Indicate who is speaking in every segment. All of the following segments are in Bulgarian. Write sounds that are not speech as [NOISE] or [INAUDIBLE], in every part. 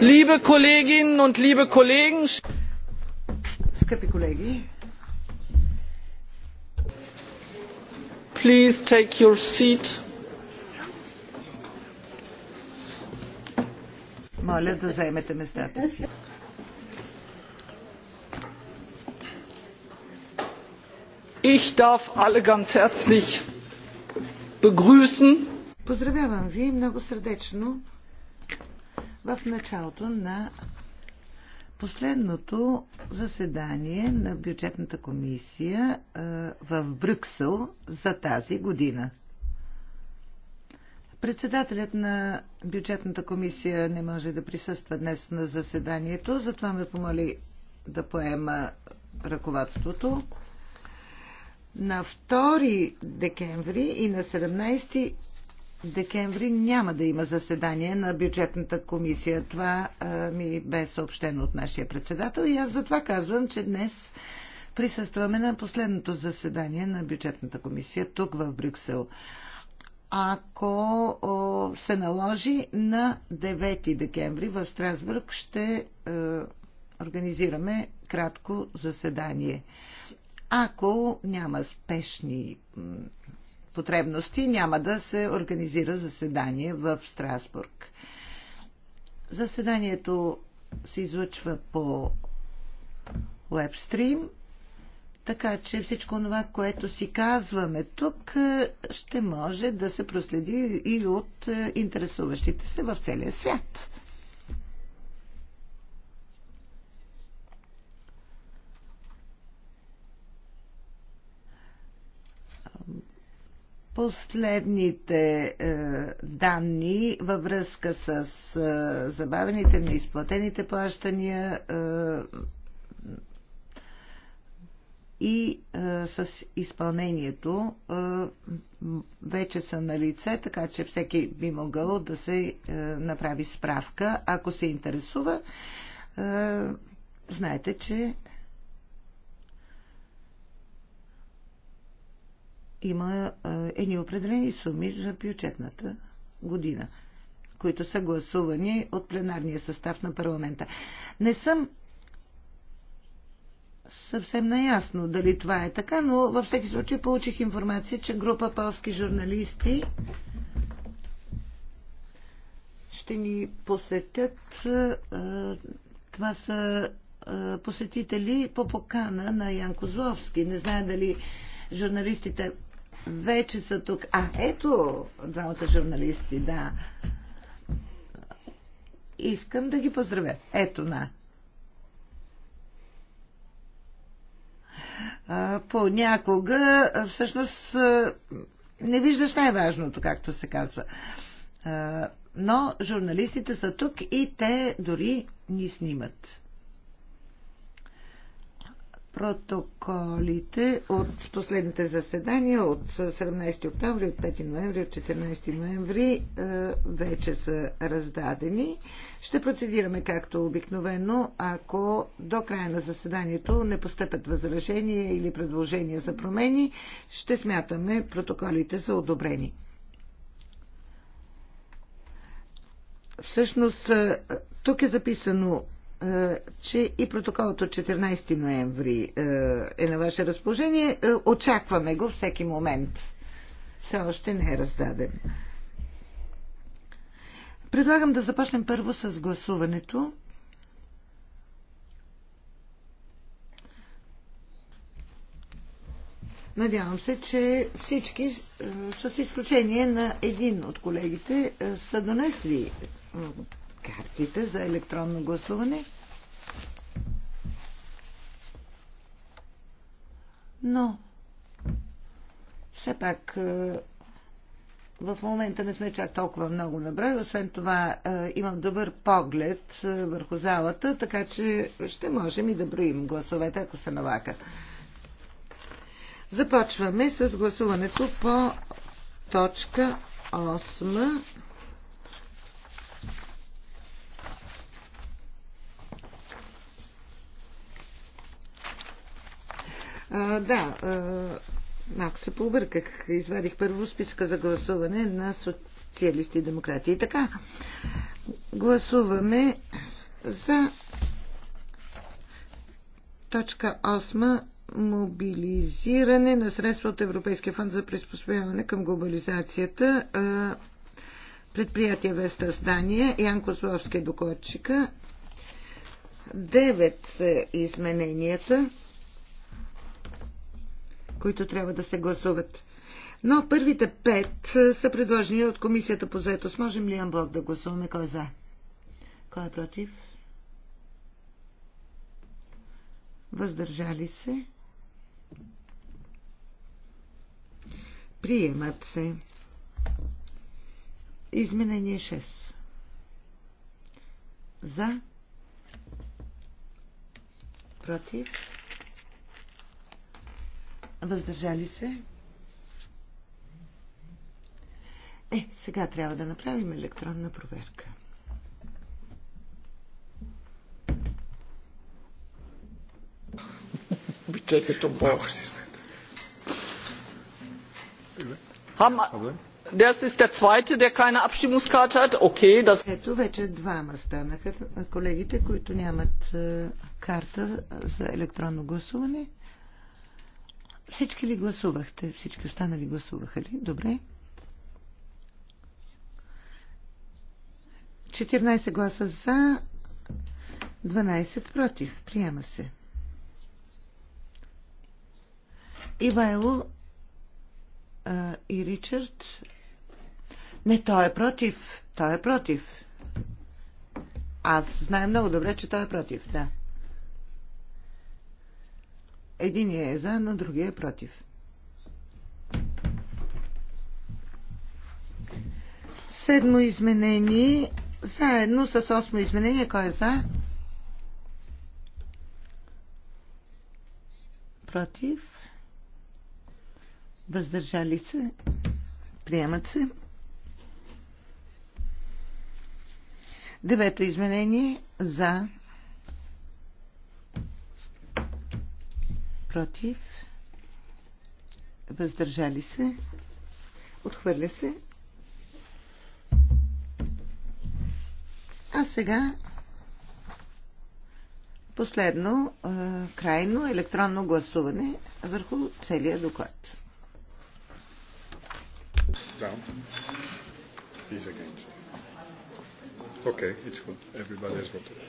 Speaker 1: Liebe Kolleginnen
Speaker 2: und liebe Kollegen, скъпи колеги, please take your seat. Моля да заемете местата си. Ich darf alle ganz herzlich begrüßen.
Speaker 1: Поздравявам ви много сърдечно в началото на последното заседание на бюджетната комисия в Брюксел за тази година. Председателят на бюджетната комисия не може да присъства днес на заседанието, затова ме помоли да поема ръководството. На 2 декември и на 17 декември няма да има заседание на бюджетната комисия. Това ми бе съобщено от нашия председател и аз затова казвам, че днес присъстваме на последното заседание на бюджетната комисия тук в Брюксел. Ако се наложи на 9 декември в Страсбург ще организираме кратко заседание. Ако няма спешни потребности няма да се организира заседание в Страсбург. Заседанието се излъчва по вебстрим, така че всичко това, което си казваме тук, ще може да се проследи и от интересуващите се в целия свят. Последните е, данни във връзка с е, забавените, изплатените плащания е, и е, с изпълнението е, вече са на лице, така че всеки би могъл да се е, направи справка. Ако се интересува, е, знаете, че има едни определени суми за бюджетната година, които са гласувани от пленарния състав на парламента. Не съм съвсем наясно дали това е така, но във всеки случай получих информация, че група полски журналисти ще ни посетят. Това са посетители по покана на Янко Зловски. Не знае дали журналистите вече са тук. А, ето двамата журналисти, да. Искам да ги поздравя. Ето на. А, понякога, всъщност, не виждаш най-важното, както се казва. А, но журналистите са тук и те дори ни снимат протоколите от последните заседания от 17 октомври, от 5 ноември, от 14 ноември е, вече са раздадени. Ще процедираме както обикновено, ако до края на заседанието не постъпят възражения или предложения за промени, ще смятаме протоколите за одобрени. Всъщност, е, тук е записано е, че и протоколът от 14 ноември е, е на ваше разположение. Е, очакваме го всеки момент. Все още не е раздаден. Предлагам да започнем първо с гласуването. Надявам се, че всички, с изключение на един от колегите, са донесли картите за електронно гласуване. Но, все пак, е, в момента не сме чак толкова много наброй. Освен това, е, имам добър поглед е, върху залата, така че ще можем и да броим гласовете, ако се налага. Започваме с гласуването по точка 8 А, да, а, малко се пообърках. Извадих първо списка за гласуване на социалисти и демократи. И така, гласуваме за точка 8 мобилизиране на средства от Европейския фонд за приспособяване към глобализацията. Предприятие Веста Стания, Ян Козловски е докладчика. Девет са измененията които трябва да се гласуват. Но първите пет е, са предложени от Комисията по заетост. Можем ли анблок да гласуваме? Кой е за? Кой е против? Въздържали се? Приемат се. Изменение 6. За. Против. Въздържали се? Е, сега трябва да направим електронна проверка.
Speaker 2: Чакай, то Бог си смета. ist der zweite, der keine Abstimmungskarte hat. Okay, das...
Speaker 1: Ето вече двама станаха колегите, които нямат е, карта за електронно гласуване. Всички ли гласувахте? Всички останали гласуваха ли? Добре. 14 гласа за, 12 против. Приема се. Ивайло а, и Ричард. Не, той е против. Той е против. Аз знае много добре, че той е против. Да. Единият е за, но другия е против. Седмо изменение, заедно с осмо изменение, кой е за? Против. Въздържали се. Приемат се. Девето изменение за против, въздържали се, отхвърля се. А сега последно, е, крайно електронно гласуване върху целия доклад.
Speaker 2: Down. Okay, it's good. Everybody has voted.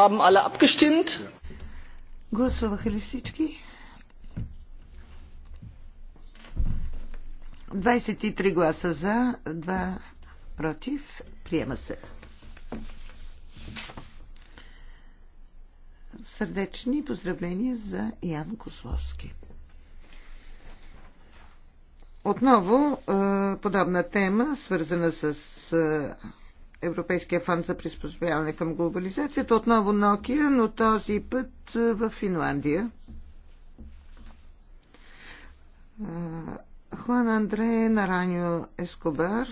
Speaker 2: Haben alle abgestimmt? Yeah.
Speaker 1: Гласуваха ли всички? 23 гласа за, 2 против. Приема се. Сърдечни поздравления за Ян Кословски. Отново подобна тема, свързана с Европейския фонд за приспособяване към глобализацията. Отново Nokia, но този път в Финландия. Хуан Андре Нараньо Ескобар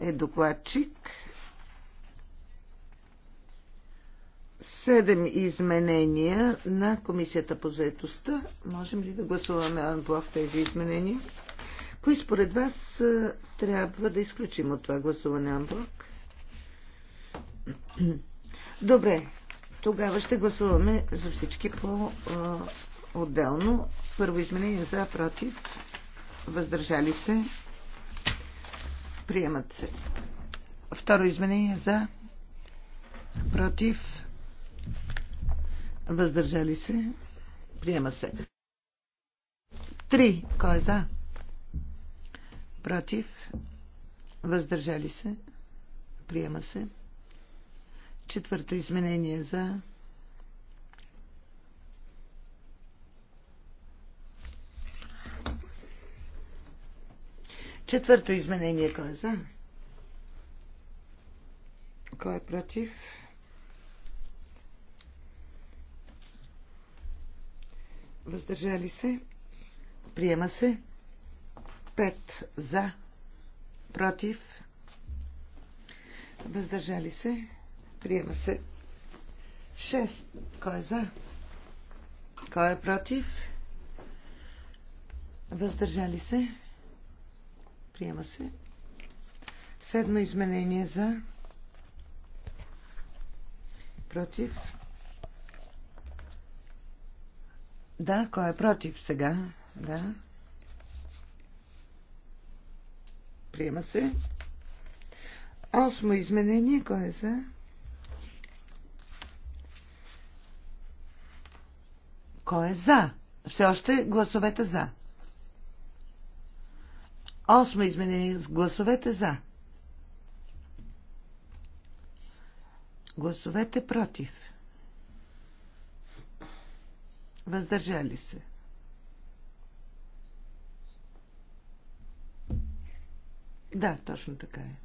Speaker 1: е докладчик. Седем изменения на Комисията по заедостта. Можем ли да гласуваме анблок тези изменения? Кои според вас трябва да изключим от това гласуване Амблок? [CLEARS THROAT] Добре, тогава ще гласуваме за всички по-отделно. Първо изменение за, против, въздържали се, приемат се. Второ изменение за, против, въздържали се, приема се. Три, кой е за? против, въздържали се, приема се. Четвърто изменение за Четвърто изменение кой е за? Кой е против? Въздържали се? Приема се? 5 за, против, въздържали се, приема се. 6. Кой е за? Кой е против? Въздържали се? Приема се. Седмо изменение за. Против. Да, кой е против сега? Да. Приема се. Осмо изменение. Кой е за? Кой е за? Все още гласовете за. Осмо изменение с гласовете за. Гласовете против. Въздържали се. Да, точно така е.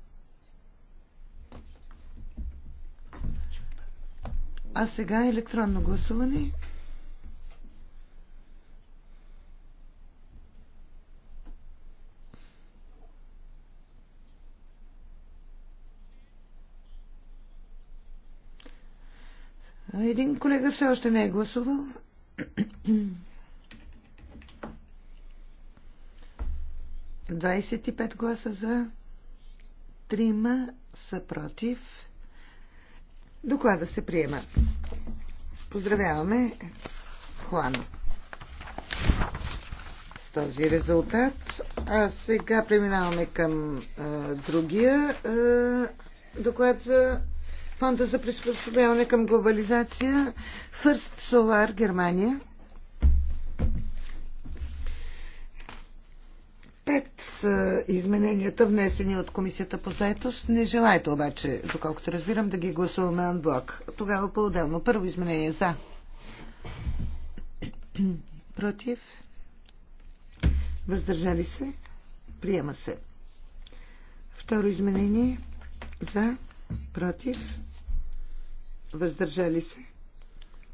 Speaker 1: А сега електронно гласуване. Един колега все още не е гласувал. 25 гласа за, 3 са против. Доклада се приема. Поздравяваме Хуана с този резултат. А сега преминаваме към а, другия а, доклад за Фонда за приспособяване към глобализация. Фърст Solar, Германия. аспект са измененията, внесени от Комисията по заетост. Не желаете обаче, доколкото разбирам, да ги гласуваме анблок. Тогава по-отделно. Първо изменение за. Против. Въздържали се. Приема се. Второ изменение. За. Против. Въздържали се.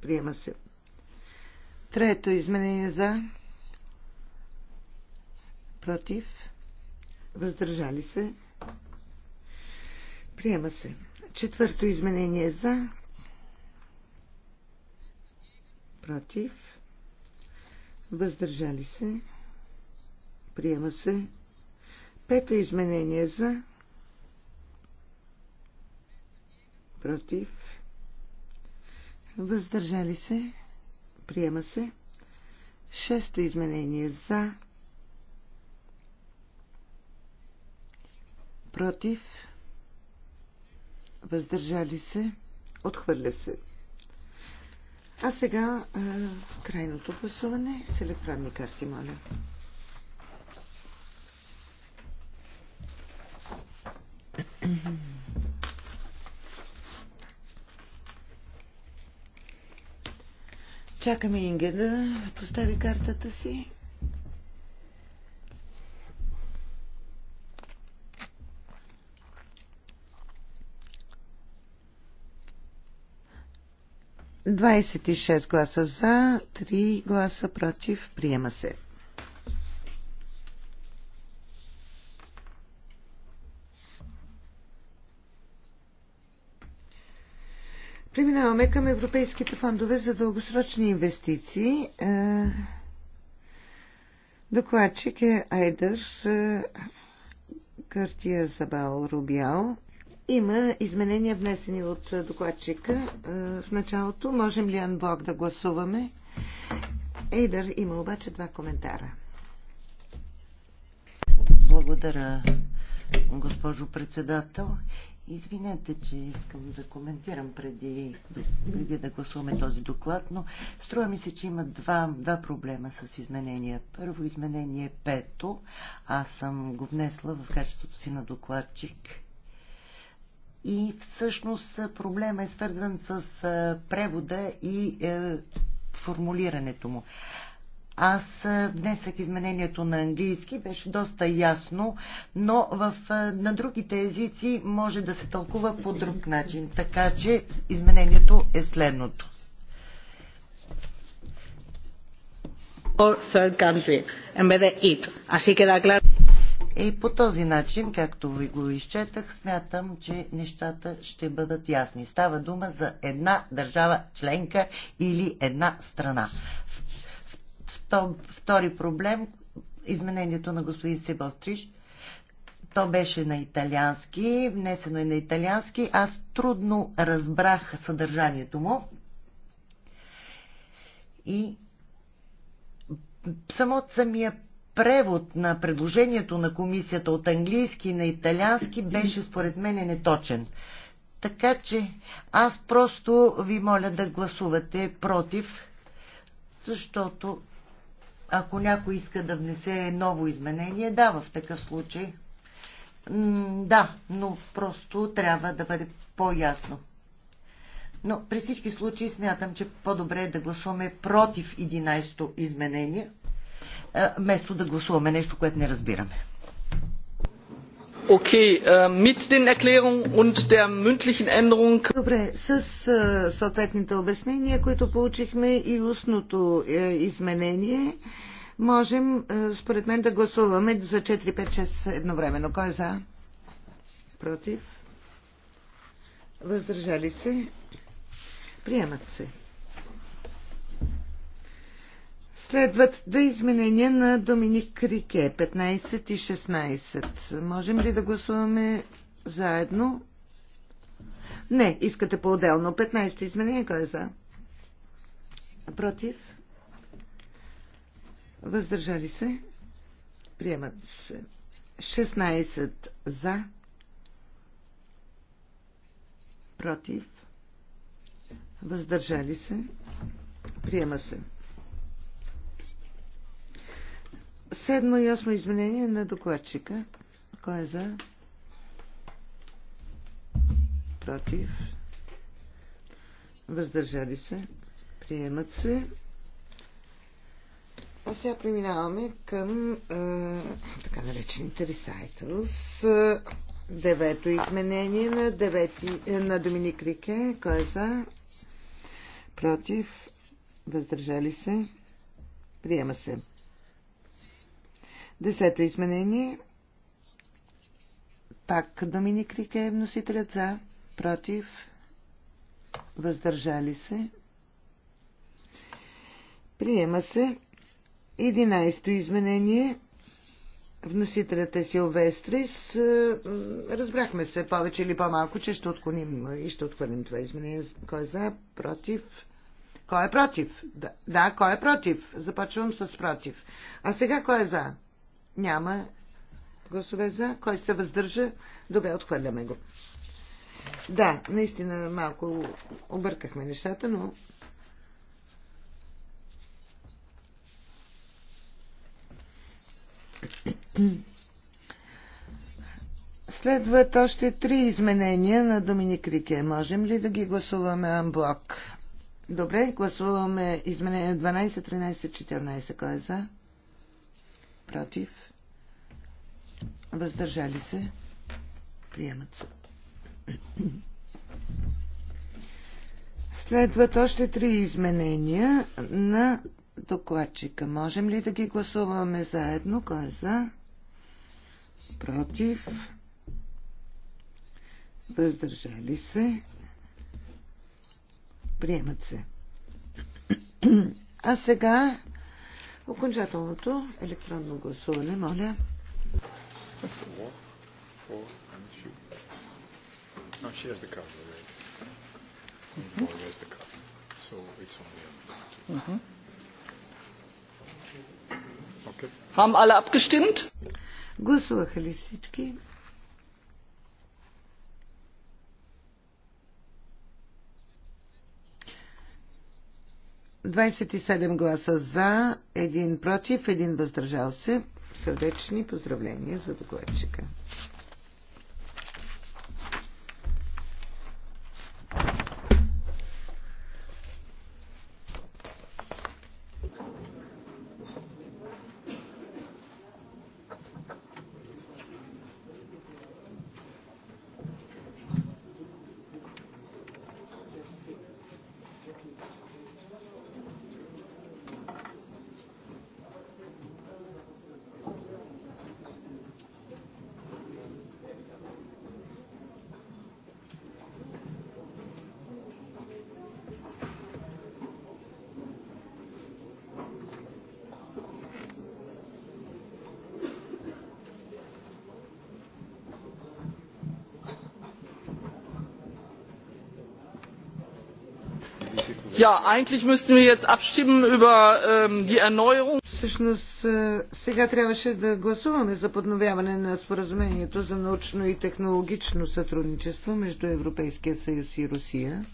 Speaker 1: Приема се. Трето изменение за против, въздържали се, приема се. Четвърто изменение за, против, въздържали се, приема се. Пето изменение за, против, въздържали се, приема се. Шесто изменение за, против, въздържали се, отхвърля се. А сега а, крайното гласуване с електронни карти, моля. Чакаме Инге да постави картата си. 26 гласа за, 3 гласа против. Приема се. Преминаваме към европейските фондове за дългосрочни инвестиции. Е, докладчик е Айдърс Картия е, Забал Рубял. Има изменения внесени от докладчика. Е, в началото можем ли анблок да гласуваме? Ейдър има обаче два коментара. Благодаря, госпожо председател. Извинете, че искам да коментирам преди, преди да гласуваме този доклад, но струва ми се, че има два, два проблема с изменения. Първо изменение пето. Аз съм го внесла в качеството си на докладчик – и всъщност проблема е свързан с превода и е, формулирането му. Аз внесах изменението на английски, беше доста ясно, но в, на другите езици може да се тълкува по друг начин. Така че изменението е следното. Or third country, and vez it. Así queda claro. И по този начин, както ви го изчетах, смятам, че нещата ще бъдат ясни. Става дума за една държава членка или една страна. Втори проблем, изменението на господин Себастриш, то беше на италиански, внесено е на италиански, аз трудно разбрах съдържанието му. И само самия превод на предложението на комисията от английски на италиански беше според мен неточен. Така че аз просто ви моля да гласувате против, защото ако някой иска да внесе ново изменение, да, в такъв случай. да, но просто трябва да бъде по-ясно. Но при всички случаи смятам, че по-добре е да гласуваме против 11-то изменение, вместо да гласуваме нещо, което не разбираме. Okay, mit den Erklärungen und der mündlichen Änderung. Добре, с съответните обяснения, които получихме и устното е, изменение, можем според мен да гласуваме за 4-5-6 едновременно. Кой е за? Против? Въздържали се? Приемат се. Следват две изменения на Доминик Рике, 15 и 16. Можем ли да гласуваме заедно? Не, искате по-отделно. 15 изменение, кой е за? Против? Въздържали се? Приемат се. 16 за. Против? Въздържали се? Приема се. Седмо и осмо изменение на докладчика. Кой е за? Против. Въздържали се. Приемат се. А сега преминаваме към е, така наречените recitals. Девето изменение на, девети, е, на Доминик Рике. Кой е за? Против. Въздържали се. Приема се. Десето изменение. Пак Доминик Рике е вносителят за, против, въздържали се. Приема се. Единайсто изменение. Вносителят е Силвестрис. Разбрахме се повече или по-малко, че ще отклоним и ще отхвърлим това изменение. Кой е за? Против? Кой е против? Да, да, кой е против? Започвам с против. А сега кой е за? Няма гласове за. Кой се въздържа? Добре, отхвърляме го. Да, наистина малко объркахме нещата, но Следват още три изменения на Доминик Рике. Можем ли да ги гласуваме анблок? Добре, гласуваме изменение 12, 13, 14. Кой е за? Против? въздържали се, приемат се. Следват още три изменения на докладчика. Можем ли да ги гласуваме заедно? Кой е за? Против? Въздържали се? Приемат се. А сега окончателното електронно гласуване, моля.
Speaker 2: That's the war, four, and she. No, she has the card already. Mm-hmm. has the card. So it's only on the other mm-hmm. okay. Haben alle abgestimmt? Гласуваха ли всички?
Speaker 1: Двадесет и седем гласа за, един против, един въздържал се. Сърдечни поздравления за докладчика.
Speaker 2: eigentlich müssten wir jetzt abstimmen über ähm, die Erneuerung. Всъщност,
Speaker 1: е, сега трябваше да гласуваме за подновяване на споразумението за научно и технологично сътрудничество между Европейския съюз и Русия.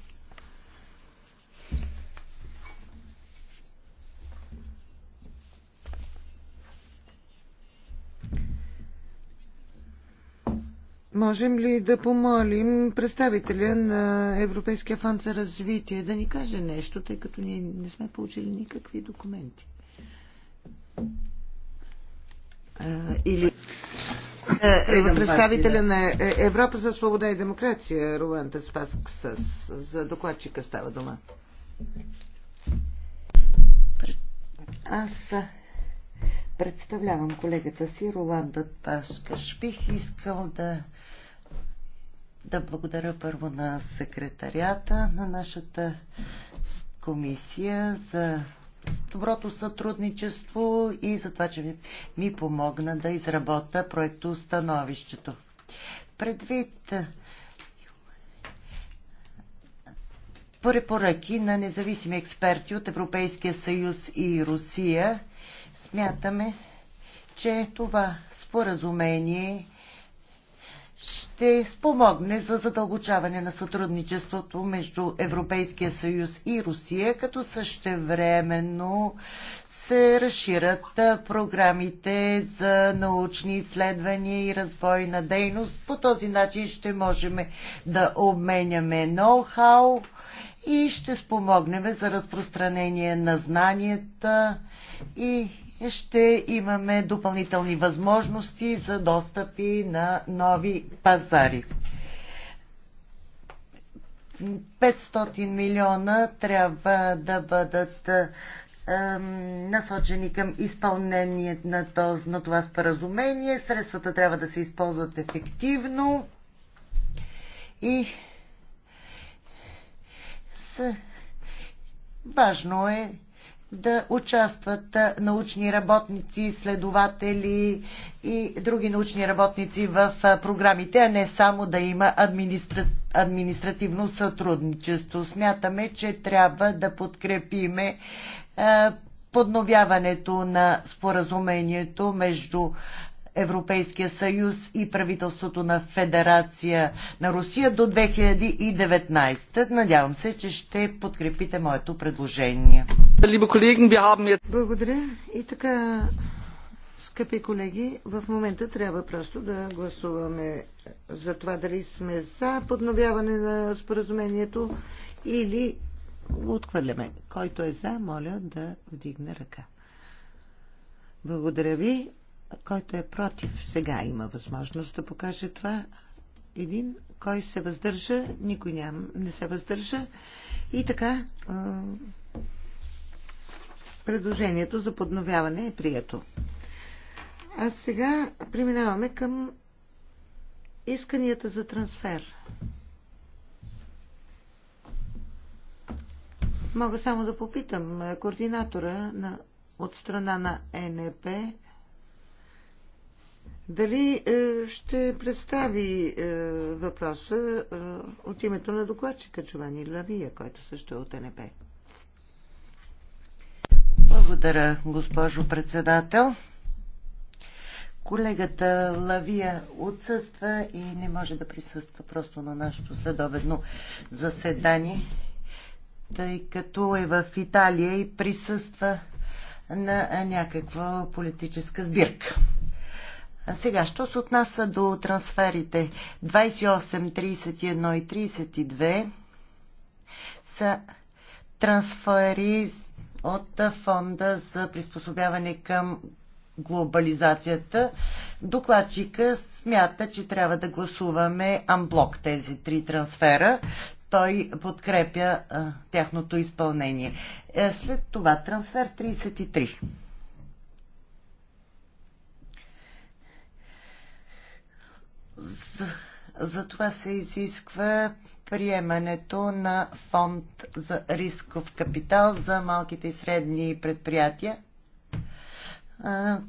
Speaker 1: можем ли да помолим представителя на Европейския фонд за развитие да ни каже нещо, тъй като ние не сме получили никакви документи? Или е, представителя на е, Европа за свобода и демокрация, Руан Теспаскс, за докладчика става дума. Аз представлявам колегата си Роланда Пашка. Бих искал да да благодаря първо на секретарията на нашата комисия за доброто сътрудничество и за това, че ми, ми помогна да изработа проекто становището. Предвид препоръки на независими експерти от Европейския съюз и Русия, смятаме, че това споразумение ще спомогне за задълбочаване на сътрудничеството между Европейския съюз и Русия, като същевременно се разширят програмите за научни изследвания и развой на дейност. По този начин ще можем да обменяме ноу-хау и ще спомогнем за разпространение на знанията и ще имаме допълнителни възможности за достъпи на нови пазари. 500 милиона трябва да бъдат насочени към изпълнение на, този, на това споразумение. Средствата трябва да се използват ефективно и с... важно е да участват научни работници, следователи и други научни работници в програмите, а не само да има администра... административно сътрудничество. Смятаме, че трябва да подкрепиме подновяването на споразумението между Европейския съюз и правителството на Федерация на Русия до 2019. Надявам се, че ще подкрепите моето предложение. Благодаря. И така, скъпи колеги, в момента трябва просто да гласуваме за това дали сме за подновяване на споразумението или отхвърляме. Който е за, моля да вдигне ръка. Благодаря ви който е против, сега има възможност да покаже това. Един, кой се въздържа, никой няма, не се въздържа. И така, предложението за подновяване е прието. А сега преминаваме към исканията за трансфер. Мога само да попитам координатора на, от страна на НП дали е, ще представи е, въпроса е, от името на докладчика Джовани Лавия, който също е от НП. Благодаря, госпожо председател. Колегата Лавия отсъства и не може да присъства просто на нашето следобедно заседание, тъй като е в Италия и присъства на някаква политическа сбирка. Сега, що се отнася до трансферите 28, 31 и 32 са трансфери от фонда за приспособяване към глобализацията. Докладчика смята, че трябва да гласуваме амблок тези три трансфера. Той подкрепя а, тяхното изпълнение. Е, след това трансфер 33. За, за това се изисква приемането на фонд за рисков капитал за малките и средни предприятия.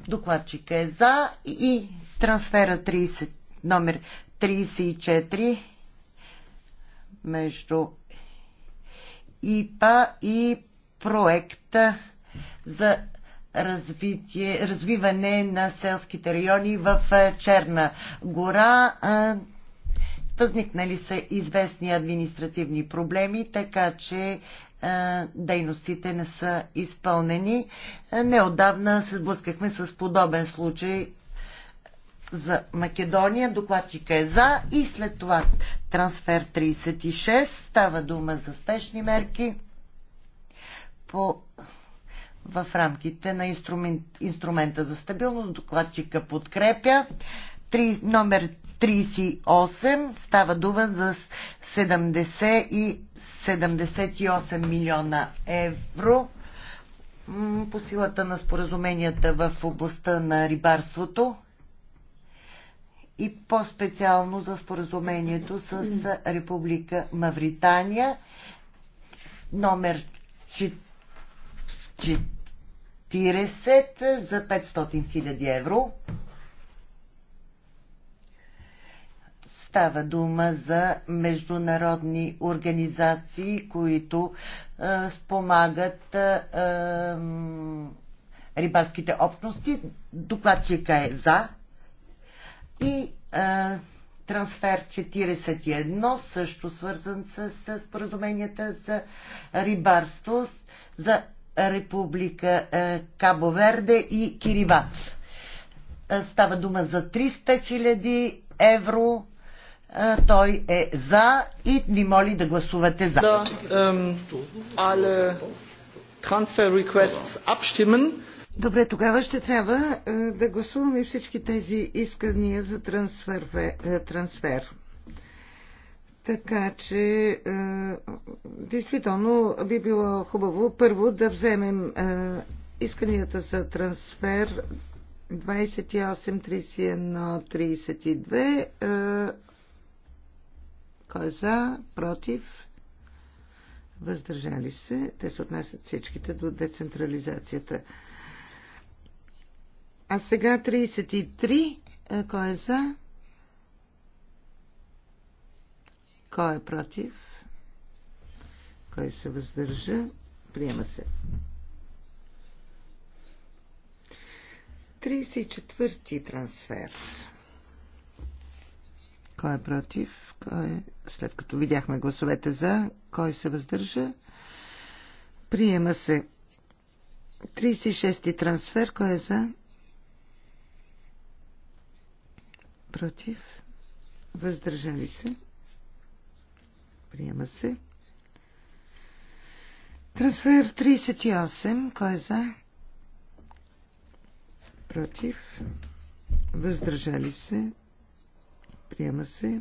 Speaker 1: Докладчика е за и трансфера 30, номер 34 между ИПА и проекта за развитие, развиване на селските райони в е, Черна гора. Възникнали са известни административни проблеми, така че е, дейностите не са изпълнени. Е, неодавна се сблъскахме с подобен случай за Македония. Докладчика е за и след това трансфер 36. Става дума за спешни мерки по в рамките на инструмент, инструмента за стабилност. Докладчика подкрепя. Три, номер 38 става дума за 70 и 78 милиона евро по силата на споразуменията в областта на рибарството и по-специално за споразумението с Република Мавритания, номер 4. 40 за 500 000 евро. Става дума за международни организации, които е, спомагат е, рибарските общности. Докладчика е за. И е, трансфер 41, също свързан с, с споразуменията за рибарство за Република е, Кабо Верде и Кириват. Е, става дума за 300 000 евро. Е, той е за и ви моли да гласувате за. Да,
Speaker 2: але трансфер requests abstimmen.
Speaker 1: Добре, тогава ще трябва да гласуваме всички тези искания за трансфер. трансфер. Така че, е, действително би било хубаво първо да вземем е, исканията за трансфер 28-31-32. Е, кой е за? Против? Въздържали се. Те се отнасят всичките до децентрализацията. А сега 33. Е, кой е за? Кой е против? Кой се въздържа? Приема се. 34-ти трансфер. Кой е против? Кой... е? След като видяхме гласовете за, кой се въздържа? Приема се. 36-ти трансфер. Кой е за? Против. Въздържали се. Приема се. Трансфер 38. Кой е за? Против. Въздържали се. Приема се.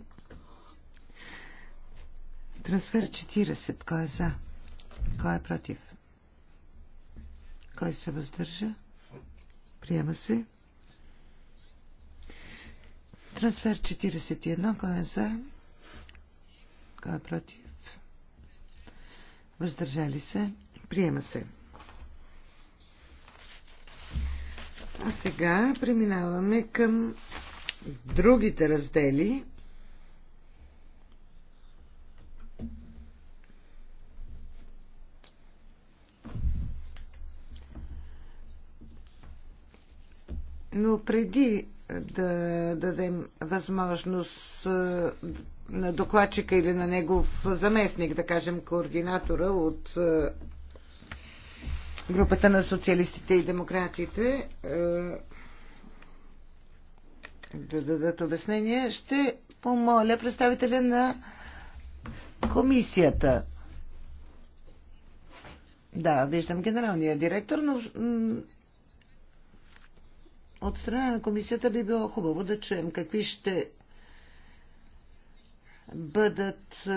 Speaker 1: Трансфер 40. Кой е за? Кой е против? Кой се въздържа? Приема се. Трансфер 41. Кой е за? Кой е против? Въздържали се. Приема се. А сега преминаваме към другите раздели. Но преди да дадем възможност на докладчика или на негов заместник, да кажем координатора от е, групата на социалистите и демократите е, да дадат обяснение, ще помоля представителя на комисията. Да, виждам генералния директор, но от страна на комисията би било хубаво да чуем какви ще бъдат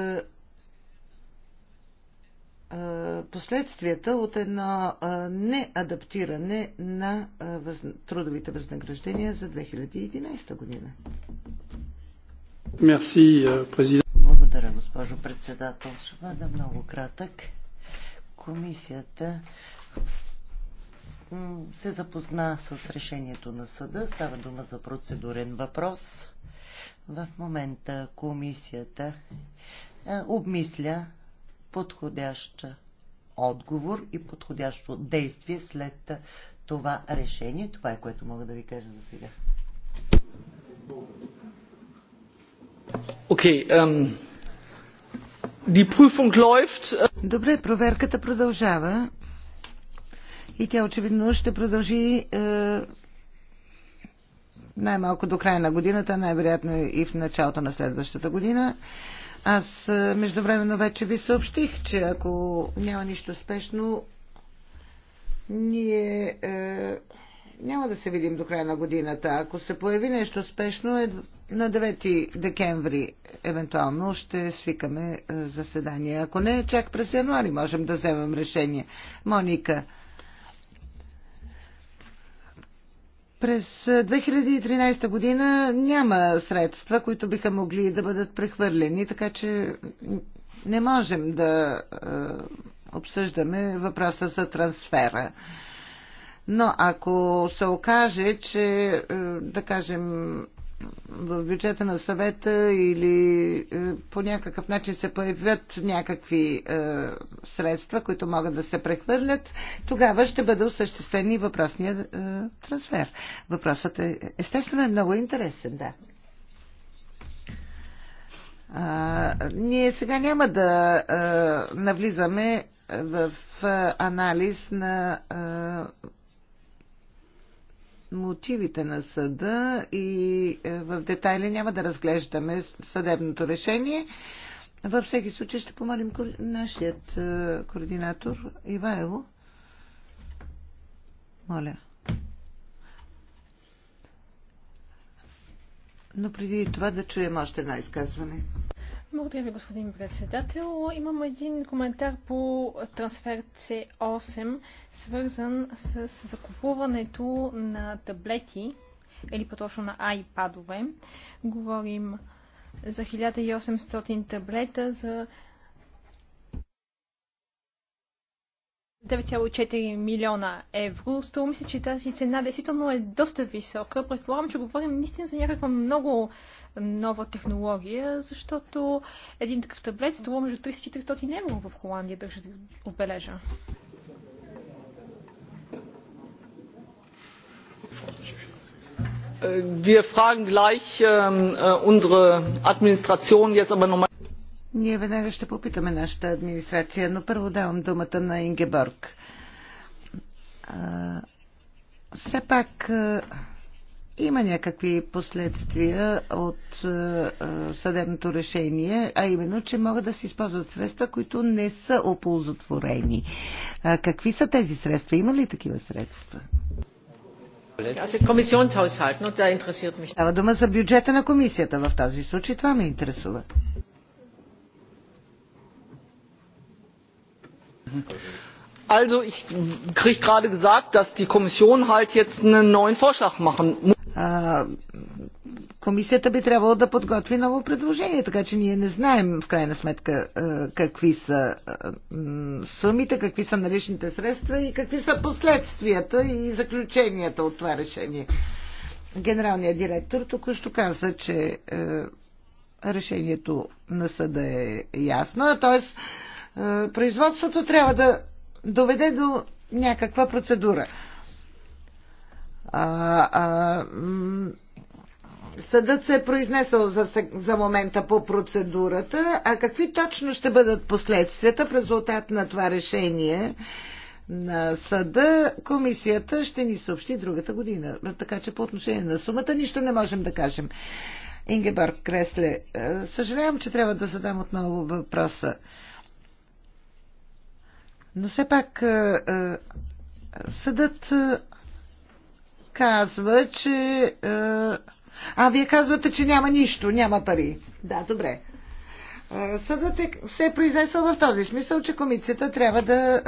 Speaker 1: последствията от едно неадаптиране на трудовите възнаграждения за 2011 година. Благодаря, госпожо председател. Ще бъда много кратък. Комисията се запозна с решението на съда. Става дума за процедурен въпрос. В момента комисията е, обмисля подходящ отговор и подходящо действие след това решение. Това е което мога да ви кажа за сега.
Speaker 2: Окей. Okay, um... Добре, проверката
Speaker 1: продължава. И тя очевидно ще продължи е, най-малко до края на годината, най-вероятно и в началото на следващата година. Аз е, междувременно вече ви съобщих, че ако няма нищо спешно, ние е, няма да се видим до края на годината. Ако се появи нещо спешно, е, на 9 декември евентуално ще свикаме е, заседание. Ако не, чак през януари можем да вземем решение. Моника. През 2013 година няма средства, които биха могли да бъдат прехвърлени, така че не можем да обсъждаме въпроса за трансфера. Но ако се окаже, че, да кажем, в бюджета на съвета или е, по някакъв начин се появят някакви е, средства, които могат да се прехвърлят, тогава ще бъде осъществен и въпросния е, трансфер. Въпросът е естествено е много интересен, да. А, ние сега няма да е, навлизаме в е, анализ на е, мотивите на съда и е, в детайли няма да разглеждаме съдебното решение. Във всеки случай ще помолим нашият е, координатор Ивайло. Моля. Но преди това да чуем още едно изказване.
Speaker 3: Благодаря ви, господин председател. Имам един коментар по трансфер C8, свързан с закупуването на таблети, или по-точно на iPad-ове. Говорим за 1800 таблета за 9,4 милиона евро. Струва ми се, че тази цена действително е доста висока. Предполагам, че говорим наистина за някаква много нова технология, защото един такъв таблет струва между 300-400 евро в Холандия, държа да обележа.
Speaker 2: Äh, wir fragen gleich ähm, äh, unsere Administration jetzt aber nochmal.
Speaker 1: Ние веднага ще попитаме нашата администрация, но първо давам думата на Ингеборг. все пак има някакви последствия от съдебното решение, а именно, че могат да се използват средства, които не са оползотворени. какви са тези средства? Има ли такива средства? Става дума за бюджета на комисията в този случай. Това ме интересува.
Speaker 2: Also ich kriege gerade gesagt, dass die Kommission halt jetzt einen neuen Vorschlag machen muss.
Speaker 1: Комисията би трябвало да подготви ново предложение, така че ние не знаем в крайна сметка какви са сумите, какви са наличните средства и какви са последствията и заключенията от това решение. Генералният директор току-що каза, че решението на съда е ясно, т.е. Е, производството трябва да доведе до някаква процедура. А, а, съдът се е произнесъл за, за момента по процедурата, а какви точно ще бъдат последствията в резултат на това решение на съда, комисията ще ни съобщи другата година. Така че по отношение на сумата нищо не можем да кажем. Ингеборг Кресле, е, съжалявам, че трябва да задам отново въпроса. Но все пак е, е, съдът е, казва, че. А, вие казвате, че няма нищо, няма пари. Да, добре. Съдът е, се е произнесъл в този смисъл, че комисията трябва да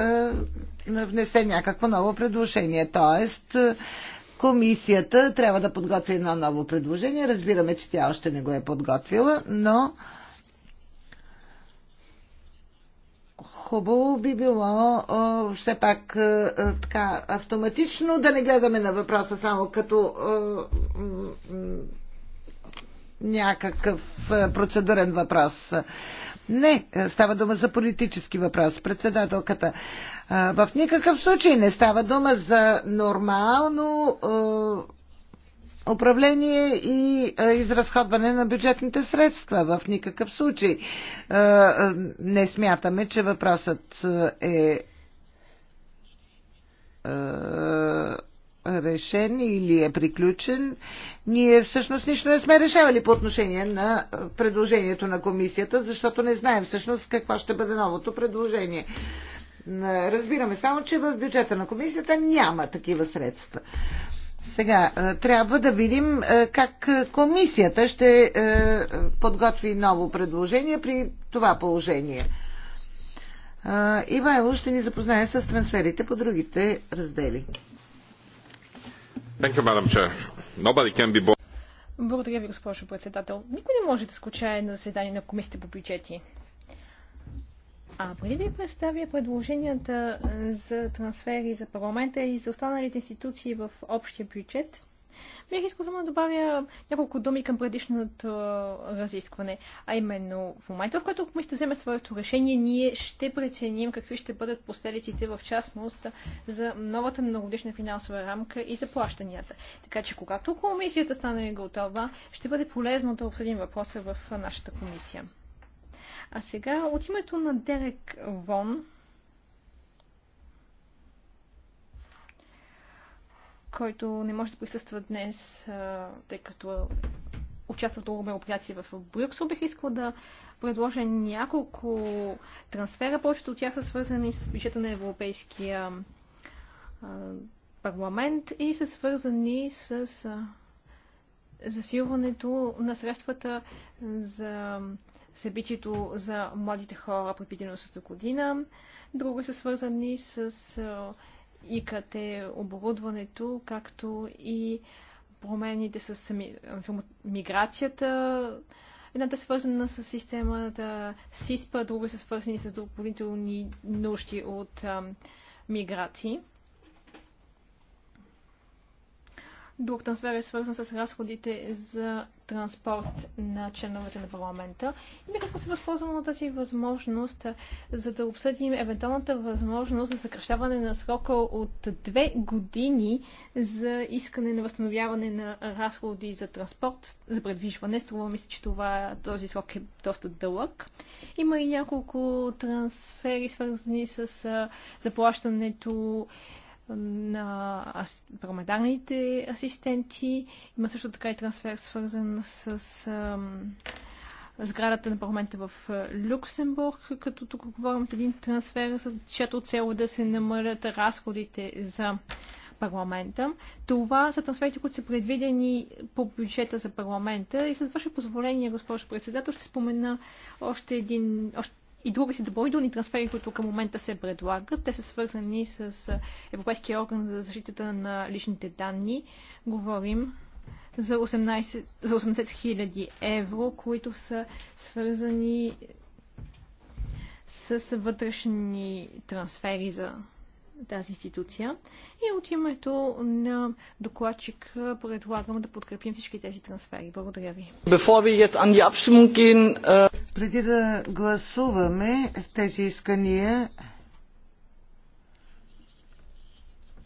Speaker 1: а, внесе някакво ново предложение. Тоест, комисията трябва да подготви едно ново предложение. Разбираме, че тя още не го е подготвила, но хубаво би било а, все пак а, така автоматично да не гледаме на въпроса само като а, някакъв процедурен въпрос. Не, става дума за политически въпрос, председателката. В никакъв случай не става дума за нормално управление и изразходване на бюджетните средства. В никакъв случай не смятаме, че въпросът е решен или е приключен. Ние всъщност нищо не сме решавали по отношение на предложението на комисията, защото не знаем всъщност какво ще бъде новото предложение. Разбираме само, че в бюджета на комисията няма такива средства. Сега е, трябва да видим е, как комисията ще е, подготви ново предложение при това положение. Ивайло ще ни запознае с трансферите по другите раздели.
Speaker 3: Благодаря ви, госпожо председател. Никой не може да скучае на заседание на комисията по бюджети. А преди да ви представя предложенията е, за трансфери за парламента и за останалите институции в общия бюджет, бих искал само да добавя няколко думи към предишното е, разискване. А именно, в момента, в който комисията вземе своето решение, ние ще преценим какви ще бъдат последиците, в частност, за новата многодишна финансова рамка и за плащанията. Така че, когато комисията стане готова, ще бъде полезно да обсъдим въпроса в нашата комисия. А сега от името на Дерек Вон, който не може да присъства днес, тъй като участва в друго мероприятие в Брюксел, бих искала да предложа няколко трансфера. Повечето от тях са свързани с бюджета на Европейския парламент и са свързани с засилването на средствата за събитието за младите хора, по епидемиологичната година. Друго са свързани с ИКТ оборудването, както и промените с миграцията. Едната е свързана с системата СИСПА, друга са свързани с допълнителни нужди от миграции. Друг трансфер е свързан с разходите за транспорт на членовете на парламента. И бих искал се възползвам от тази възможност, за да обсъдим евентуалната възможност за съкръщаване на срока от две години за искане на възстановяване на разходи за транспорт, за предвижване. Струва мисля, че това, този срок е доста дълъг. Има и няколко трансфери, свързани с заплащането на парламентарните асистенти. Има също така и трансфер, свързан с сградата на парламента в Люксембург, като тук говорим с един трансфер, с чиято цел е да се намалят разходите за парламента. Това са трансферите, които са предвидени по бюджета за парламента. И с ваше позволение, госпожо председател, ще спомена още един, още и другите допълнителни трансфери, които към момента се предлагат. Те са свързани с Европейския орган за защитата на личните данни. Говорим за 18, за 80 000 евро, които са свързани с вътрешни трансфери за тази институция. И от името на докладчик предлагам да подкрепим всички тези трансфери. Благодаря ви.
Speaker 2: Äh,
Speaker 1: Преди да гласуваме тези искания,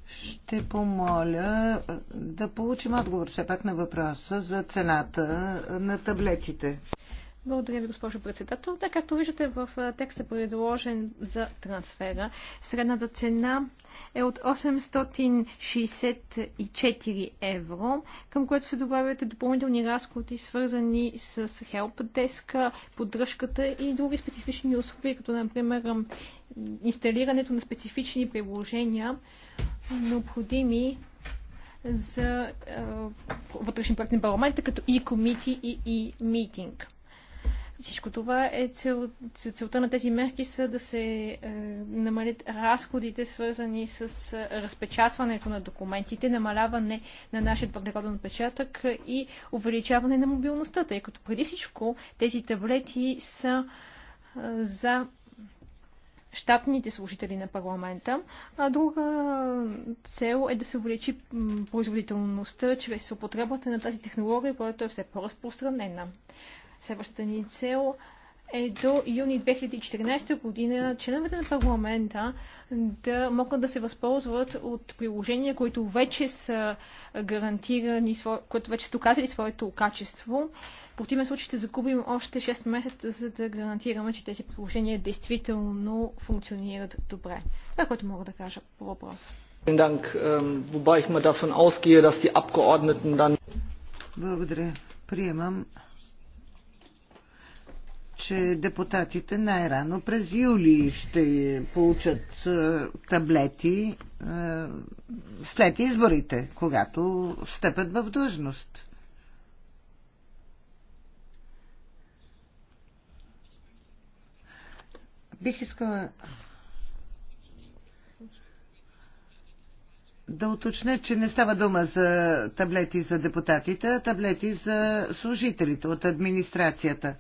Speaker 1: ще помоля да получим отговор все пак на въпроса за цената на таблетите.
Speaker 3: Благодаря ви, госпожо председател. Да, както виждате в текста е предложен за трансфера, средната цена е от 864 евро, към което се добавят допълнителни разходи, свързани с хелп деска, поддръжката и други специфични услуги, като например инсталирането на специфични приложения, необходими за вътрешен проект на парламента, като и комити и и митинг. Всичко това е цел, целта на тези мерки са да се е, намалят разходите, свързани с е, разпечатването на документите, намаляване на нашия въглероден отпечатък и увеличаване на мобилността, тъй като преди всичко тези таблети са е, за щатните служители на парламента. А друга цел е да се увеличи производителността чрез употребата на тази технология, която е все по-разпространена. Следващата ни цел е до юни 2014 година членовете на парламента да могат да се възползват от приложения, които вече са гарантирани, които вече са доказали своето качество. В противен случай ще загубим още 6 месеца, за да гарантираме, че тези приложения действително функционират добре. Това е което мога да кажа по въпроса.
Speaker 2: Ähm, Благодаря.
Speaker 1: Приемам че депутатите най-рано през юли ще получат таблети след изборите, когато встъпят в длъжност. Бих искала да уточня, че не става дума за таблети за депутатите, а таблети за служителите от администрацията.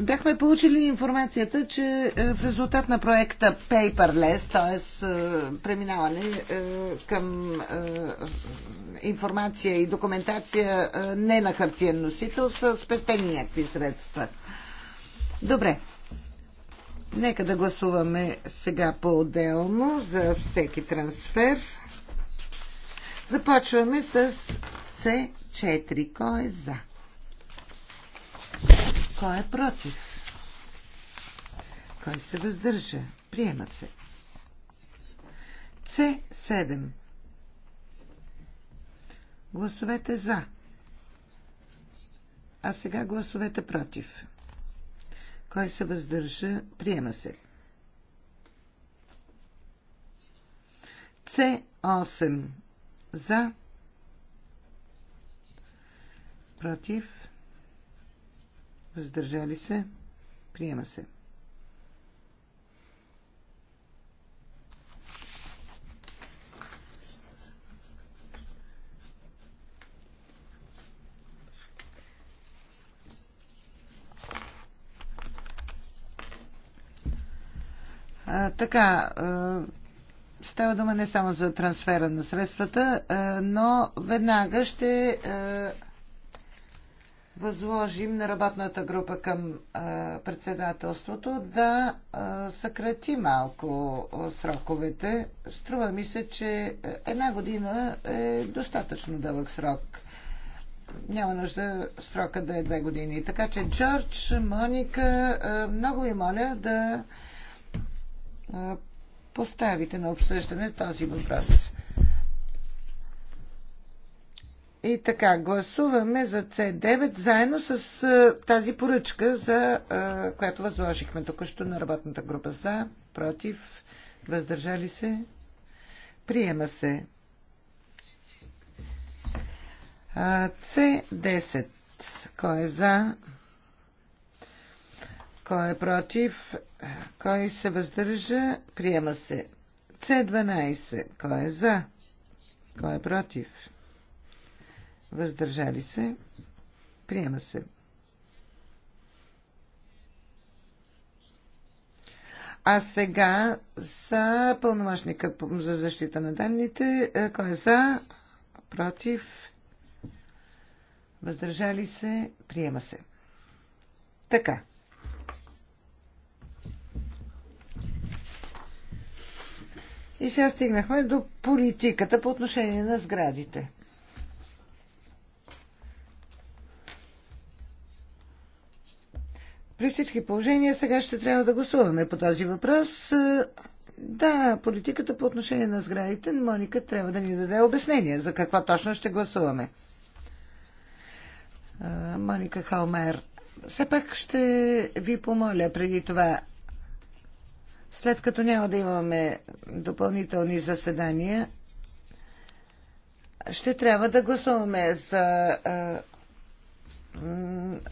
Speaker 1: Бяхме получили информацията, че е, в резултат на проекта Paperless, т.е. Е, преминаване е, към информация и документация не на хартиен носител, са спестени някакви средства. Добре. Нека да гласуваме сега по-отделно за всеки трансфер. Започваме с C4. Кой е за? Кой е против? Кой се въздържа? Приема се. С7. Гласовете за. А сега гласовете против. Кой се въздържа? Приема се. С8. За. Против. Въздържали се. Приема се. А, така, а, става дума не само за трансфера на средствата, а, но веднага ще а, възложим на работната група към председателството да съкрати малко сроковете. Струва ми се, че една година е достатъчно дълъг срок. Няма нужда срока да е две години. Така че, Джордж, Моника, много ви моля да поставите на обсъждане този въпрос. И така, гласуваме за C9 заедно с тази поръчка, за, която възложихме току-що на работната група. За, против, въздържали се. Приема се. C10. Кой е за? Кой е против? Кой се въздържа? Приема се. C12. Кой е за? Кой е против? въздържали се, приема се. А сега са пълномощника за защита на данните, е, кой е за, против, въздържали се, приема се. Така. И сега стигнахме до политиката по отношение на сградите. При всички положения сега ще трябва да гласуваме по този въпрос. Да, политиката по отношение на сградите, Моника трябва да ни даде обяснение за каква точно ще гласуваме. Моника Халмер, все пак ще ви помоля преди това, след като няма да имаме допълнителни заседания, ще трябва да гласуваме за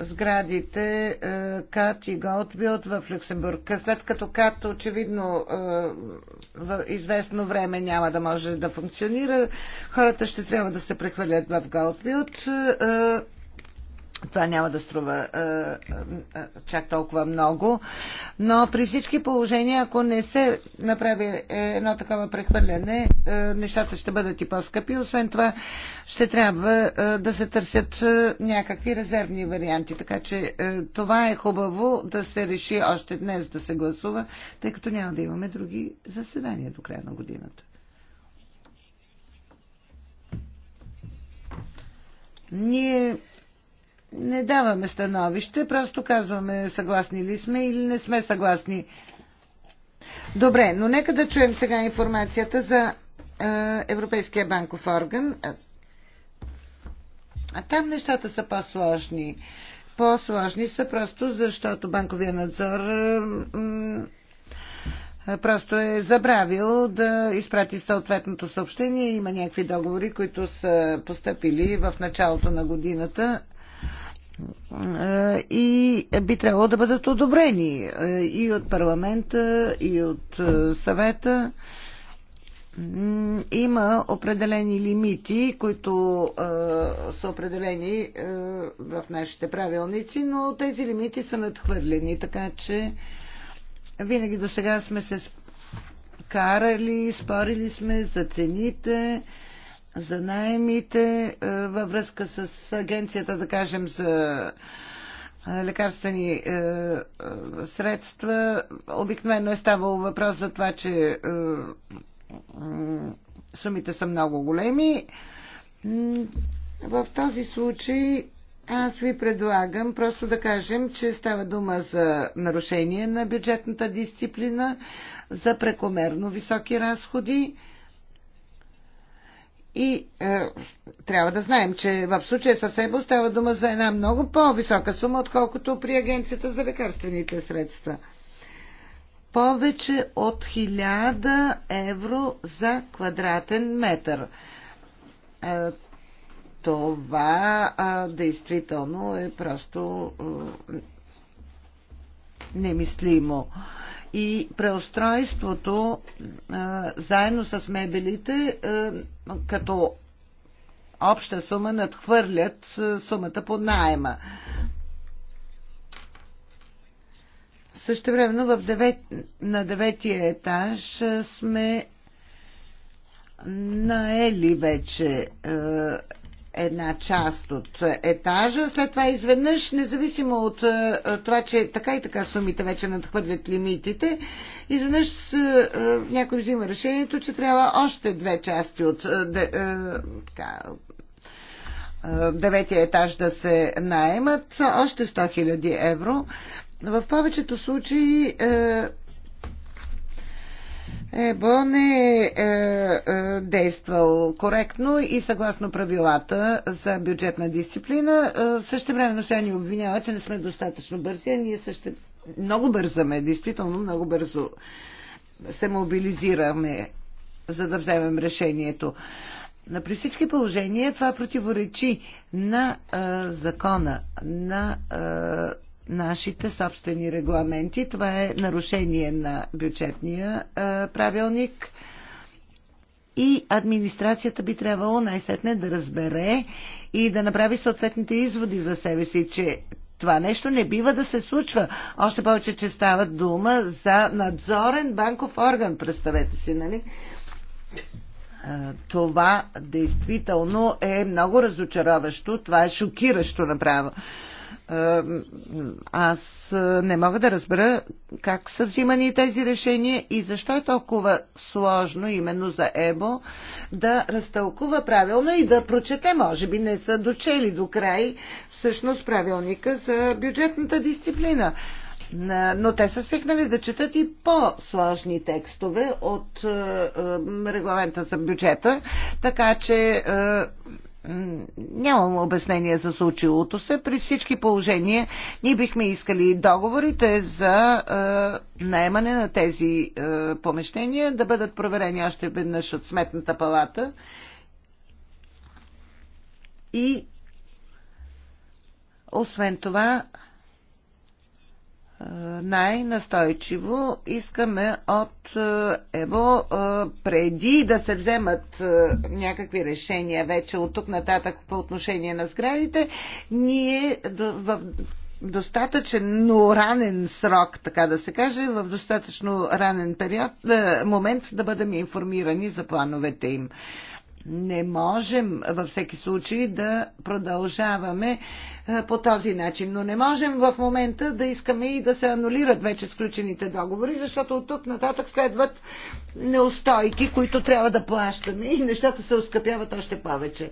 Speaker 1: сградите е, Кат и Голдбилд в Люксембург. След като Кат очевидно е, в известно време няма да може да функционира, хората ще трябва да се прехвърлят в Голдбилд е, това няма да струва а, е, а, е, е, чак толкова много. Но при всички положения, ако не се направи едно такова прехвърляне, а, нещата ще бъдат и по-скъпи. Освен това, ще трябва а, да се търсят а, някакви резервни варианти. Така че а, това е хубаво да се реши още днес да се гласува, тъй като няма да имаме други заседания до края на годината. Ние не даваме становище, просто казваме съгласни ли сме или не сме съгласни. Добре, но нека да чуем сега информацията за Европейския банков орган. А там нещата са по-сложни. По-сложни са просто защото банковия надзор просто е забравил да изпрати съответното съобщение. Има някакви договори, които са поступили в началото на годината и би трябвало да бъдат одобрени е, и от парламента, и от е, съвета. Има определени лимити, които е, са определени в нашите правилници, но тези лимити са надхвърлени, така че винаги до сега сме се карали, спорили сме за цените, за найемите е, във връзка с агенцията, да кажем, за е, лекарствени е, средства. Обикновено е ставало въпрос за това, че сумите са много големи. В този случай аз ви предлагам просто да кажем, че става дума за нарушение на бюджетната дисциплина, за прекомерно високи разходи и е, трябва да знаем, че в случая с ЕБО става дума за една много по-висока сума, отколкото при Агенцията за лекарствените средства. Повече от 1000 евро за квадратен метър. Е, това е, действително е просто е, немислимо и преустройството заедно с мебелите като обща сума надхвърлят сумата по найема. Също времено в девет, на деветия етаж сме наели вече една част от етажа. След това изведнъж, независимо от е, е, това, че така и така сумите вече надхвърлят лимитите, изведнъж е, някой взима решението, че трябва още две части от така, деветия етаж да се наемат, още 100 000 евро. В повечето случаи ЕБО не е, е, е действал коректно и съгласно правилата за бюджетна дисциплина. Е, също времено сега ни обвинява, че не сме достатъчно бързи, а ние също много бързаме, действително много бързо се мобилизираме, за да вземем решението. На при всички положения това противоречи на е, закона, на е, нашите собствени регламенти. Това е нарушение на бюджетния правилник. И администрацията би трябвало най-сетне да разбере и да направи съответните изводи за себе си, че това нещо не бива да се случва. Още повече, че става дума за надзорен банков орган, представете си, нали? Това действително е много разочароващо, това е шокиращо направо. Аз не мога да разбера как са взимани тези решения и защо е толкова сложно именно за ЕБО да разтълкува правилно и да прочете, може би не са дочели до край всъщност правилника за бюджетната дисциплина. Но те са свикнали да четат и по-сложни текстове от регламента за бюджета, така че нямам обяснение за случилото се. При всички положения ние бихме искали договорите за е, наемане на тези е, помещения да бъдат проверени още веднъж от Сметната палата и освен това най-настойчиво искаме от ЕБО е, преди да се вземат е, някакви решения вече от тук нататък по отношение на сградите, ние в достатъчен, но ранен срок, така да се каже, в достатъчно ранен период, е, момент да бъдем информирани за плановете им не можем във всеки случай да продължаваме е, по този начин. Но не можем в момента да искаме и да се анулират вече сключените договори, защото от тук нататък следват неустойки, които трябва да плащаме и нещата се оскъпяват още повече.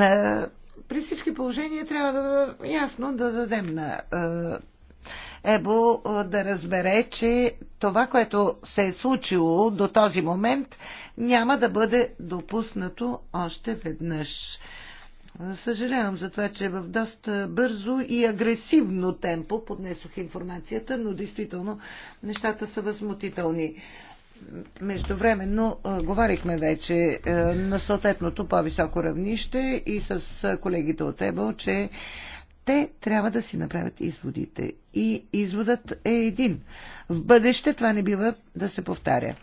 Speaker 1: Е, при всички положения трябва да ясно да дадем на е, Ебо да разбере, че това, което се е случило до този момент няма да бъде допуснато още веднъж. Съжалявам за това, че в доста бързо и агресивно темпо поднесох информацията, но действително нещата са възмутителни. Междувременно говорихме вече на съответното по-високо равнище и с колегите от ЕБО, че те трябва да си направят изводите. И изводът е един. В бъдеще това не бива да се повтаря.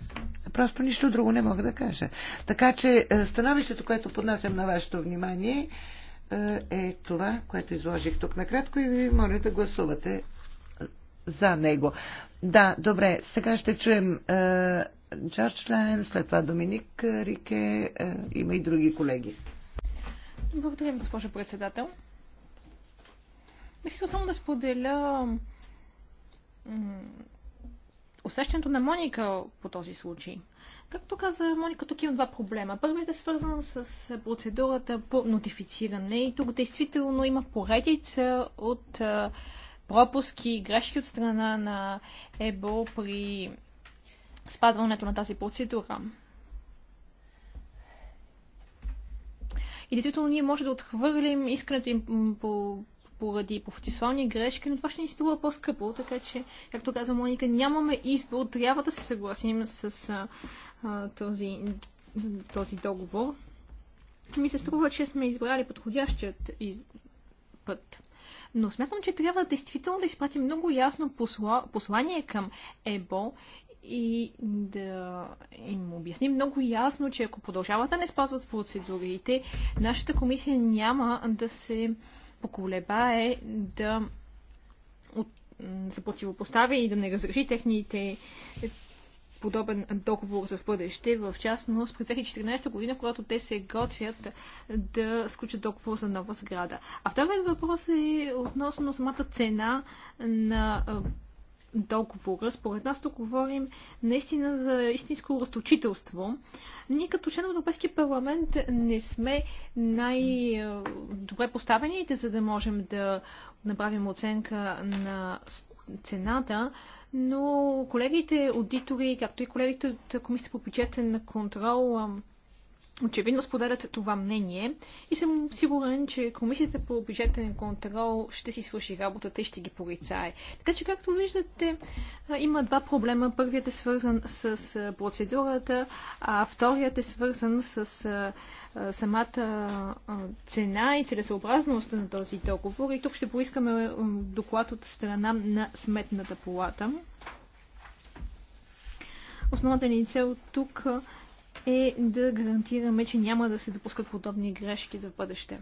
Speaker 1: Просто нищо друго не мога да кажа. Така че е, становището, което поднасям на вашето внимание, е, е това, което изложих тук накратко и ви моля да гласувате за него. Да, добре, сега ще чуем е, Джордж Лайн, след това Доминик Рике, има и други колеги.
Speaker 3: Благодаря госпожо председател. Бих искал само да споделя усещането на Моника по този случай. Както каза Моника, тук има два проблема. Първият е свързан с процедурата по нотифициране и тук действително има поредица от пропуски и грешки от страна на ЕБО при спадването на тази процедура. И действително ние може да отхвърлим искането им по поради професионални грешки, но това ще ни струва по-скъпо, така че, както каза Моника, нямаме избор, трябва да се съгласим с а, а, този, този договор. Ми се струва, че сме избрали подходящият из... път. Но смятам, че трябва действително да изпратим много ясно посла... послание към ЕБО и да им обясним много ясно, че ако продължават да не спазват процедурите, нашата комисия няма да се поколебае да от, се противопостави и да не разреши техните подобен договор за бъдеще, в частност през 2014 година, когато те се готвят да сключат договор за нова сграда. А вторият въпрос е относно самата цена на договора. Според нас тук говорим наистина за истинско разточителство. Ние като член на Европейския парламент не сме най-добре поставените, за да можем да направим оценка на цената, но колегите аудитори, както и колегите от Комисията по бюджетен контрол, очевидно споделяте това мнение и съм сигурен, че Комисията по бюджетен контрол ще си свърши работата и ще ги порицае. Така че, както виждате, има два проблема. Първият е свързан с процедурата, а вторият е свързан с самата цена и целесообразност на този договор. И тук ще поискаме доклад от страна на Сметната палата. Основната ни цел тук е да гарантираме, че няма да се допускат подобни грешки за бъдеще.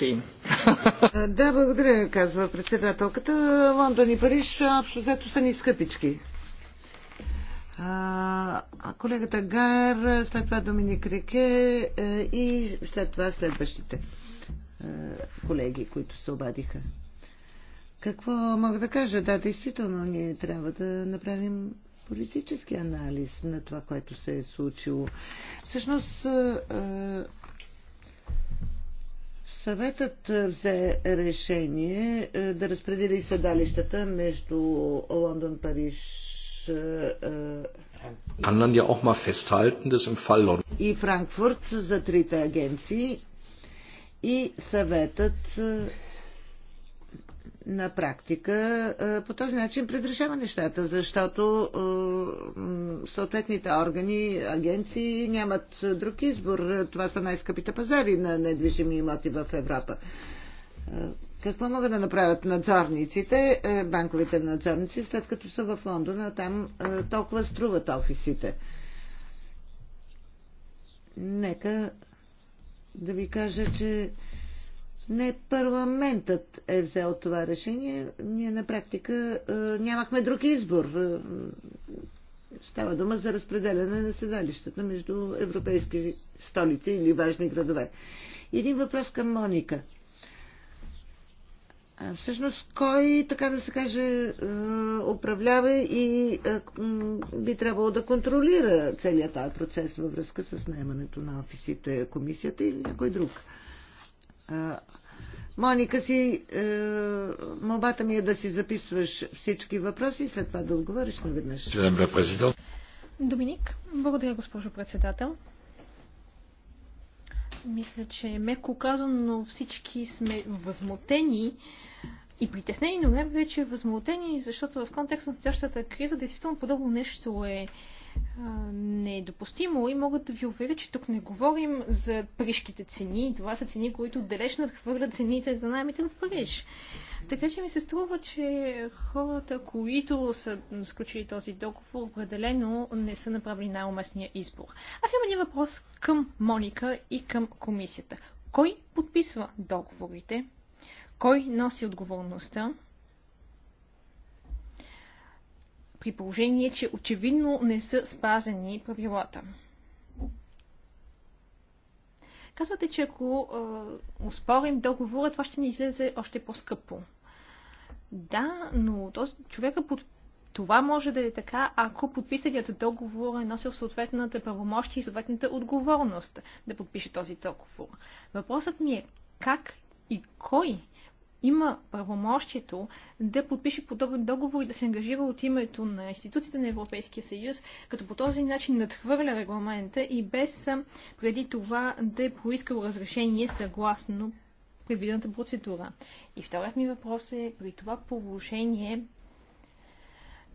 Speaker 2: Е, да, благодаря, казва председателката.
Speaker 3: Лондон и Париж общо взето са ни
Speaker 1: скъпички. А, колегата Гайер, след това Доминик Реке е, и след това следващите е, колеги, които се обадиха. Какво мога да кажа? Да, действително, ние трябва да направим политически анализ на това, което се е случило. Всъщност, е, е, Съветът взе решение е, да разпредели седалищата между Лондон, Париж и Франкфурт за трите агенции и съветът на практика по този начин предрешава нещата, защото съответните органи, агенции нямат друг избор. Това са най-скъпите пазари на недвижими имоти в Европа. Какво могат да направят надзорниците, е, банковите надзорници, след като са в Лондон, а там е, толкова струват офисите? Нека да ви кажа, че не парламентът е взел това решение. Ние на практика е, нямахме друг избор. Е, става дума за разпределяне на седалищата между европейски столици или важни градове. Един въпрос към Моника. А, всъщност, кой, така да се каже, е, управлява и е, би трябвало да контролира целият този процес във връзка с наемането на офисите, комисията или някой друг? Моника си, е, молбата ми е да си записваш всички въпроси и след това да отговориш наведнъж.
Speaker 3: Доминик, благодаря госпожо председател. Мисля, че меко казано но всички сме възмутени и притеснени, но най-вече възмутени, защото в контекст на настоящата криза действително подобно нещо е недопустимо и мога да ви уверя, че тук не говорим за парижките цени. Това са цени, които далеч надхвърлят цените за наймите в Париж. Така че ми се струва, че хората, които са сключили този договор, определено не са направили най-уместния избор. Аз имам един въпрос към Моника и към комисията. Кой подписва договорите? Кой носи отговорността? при положение, че очевидно не са спазени правилата. Казвате, че ако е, успорим договора, това ще ни излезе още по-скъпо. Да, но този, човека под това може да е така, ако подписалият договор е носил съответната правомощи и съответната отговорност да подпише този договор. Въпросът ми е как и кой има правомощието да подпише подобен договор и да се ангажира от името на институциите на Европейския съюз, като по този начин надхвърля регламента и без преди това да е поискал разрешение съгласно предвидената процедура. И вторият ми въпрос е при това положение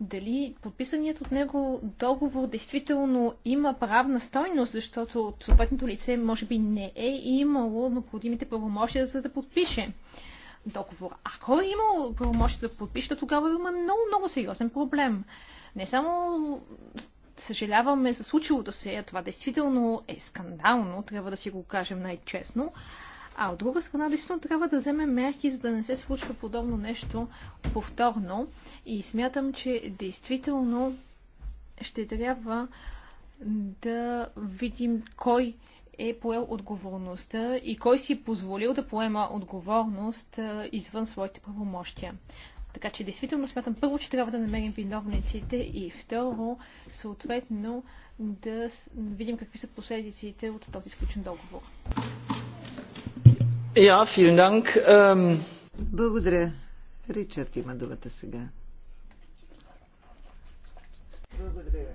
Speaker 3: дали подписаният от него договор действително има правна стойност, защото съответното лице може би не е имало необходимите правомощия за да подпише договор. Ако е имал правомощие да подпише, тогава има много, много сериозен проблем. Не само съжаляваме за случилото се, а това действително е скандално, трябва да си го кажем най-честно. А от друга страна, действително трябва да вземем мерки, за да не се случва подобно нещо повторно. И смятам, че действително ще трябва да видим кой е поел отговорността и кой си е позволил да поема отговорност извън своите правомощия. Така че действително смятам първо, че трябва да намерим виновниците и второ, съответно, да видим какви са последиците от този изключен договор.
Speaker 2: Ja, Dank.
Speaker 1: Ehm, Благодаря. Ричард има думата сега. Благодаря.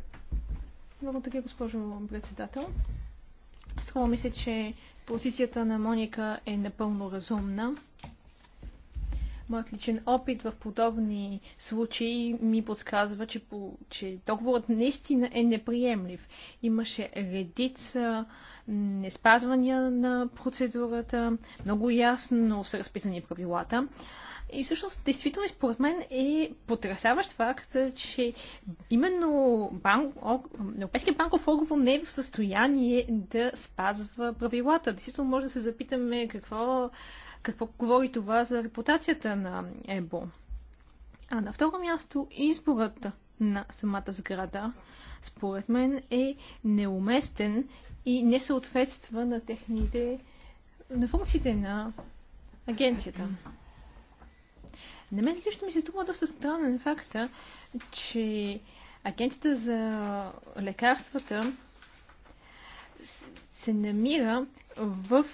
Speaker 3: Благодаря, госпожо председател. Струва ми се, че позицията на Моника е напълно разумна. Моят личен опит в подобни случаи ми подсказва, че, по, че договорът наистина е неприемлив. Имаше редица неспазвания на процедурата, много ясно са разписани правилата. И всъщност, действително, според мен е потрясаващ факт, че именно банк, Европейския банков отговор не е в състояние да спазва правилата. Действително, може да се запитаме какво, какво говори това за репутацията на ЕБО. А на второ място, изборът на самата сграда, според мен, е неуместен и не съответства на техните на функциите на агенцията. На мен също ми се струва доста странен факта, че Агенцията за лекарствата се намира в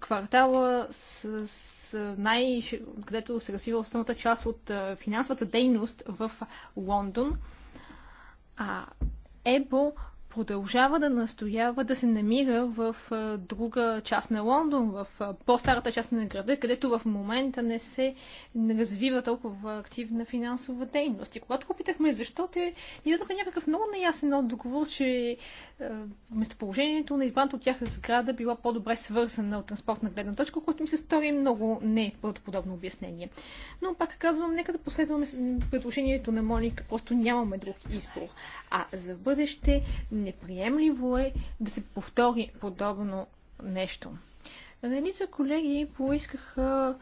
Speaker 3: квартала с, с най където се развива основната част от финансовата дейност в Лондон. А ЕБО продължава да настоява да се намира в друга част на Лондон, в по-старата част на града, където в момента не се развива толкова активна финансова дейност. И когато попитахме защо, те ни дадоха някакъв много неясен отговор, че местоположението на избраната от тях сграда била по-добре свързана от транспортна гледна точка, което ми се стори много не подобно обяснение. Но пак казвам, нека да последваме предложението на Моника, просто нямаме друг избор. А за бъдеще Неприемливо е да се повтори подобно нещо. Редица колеги поискаха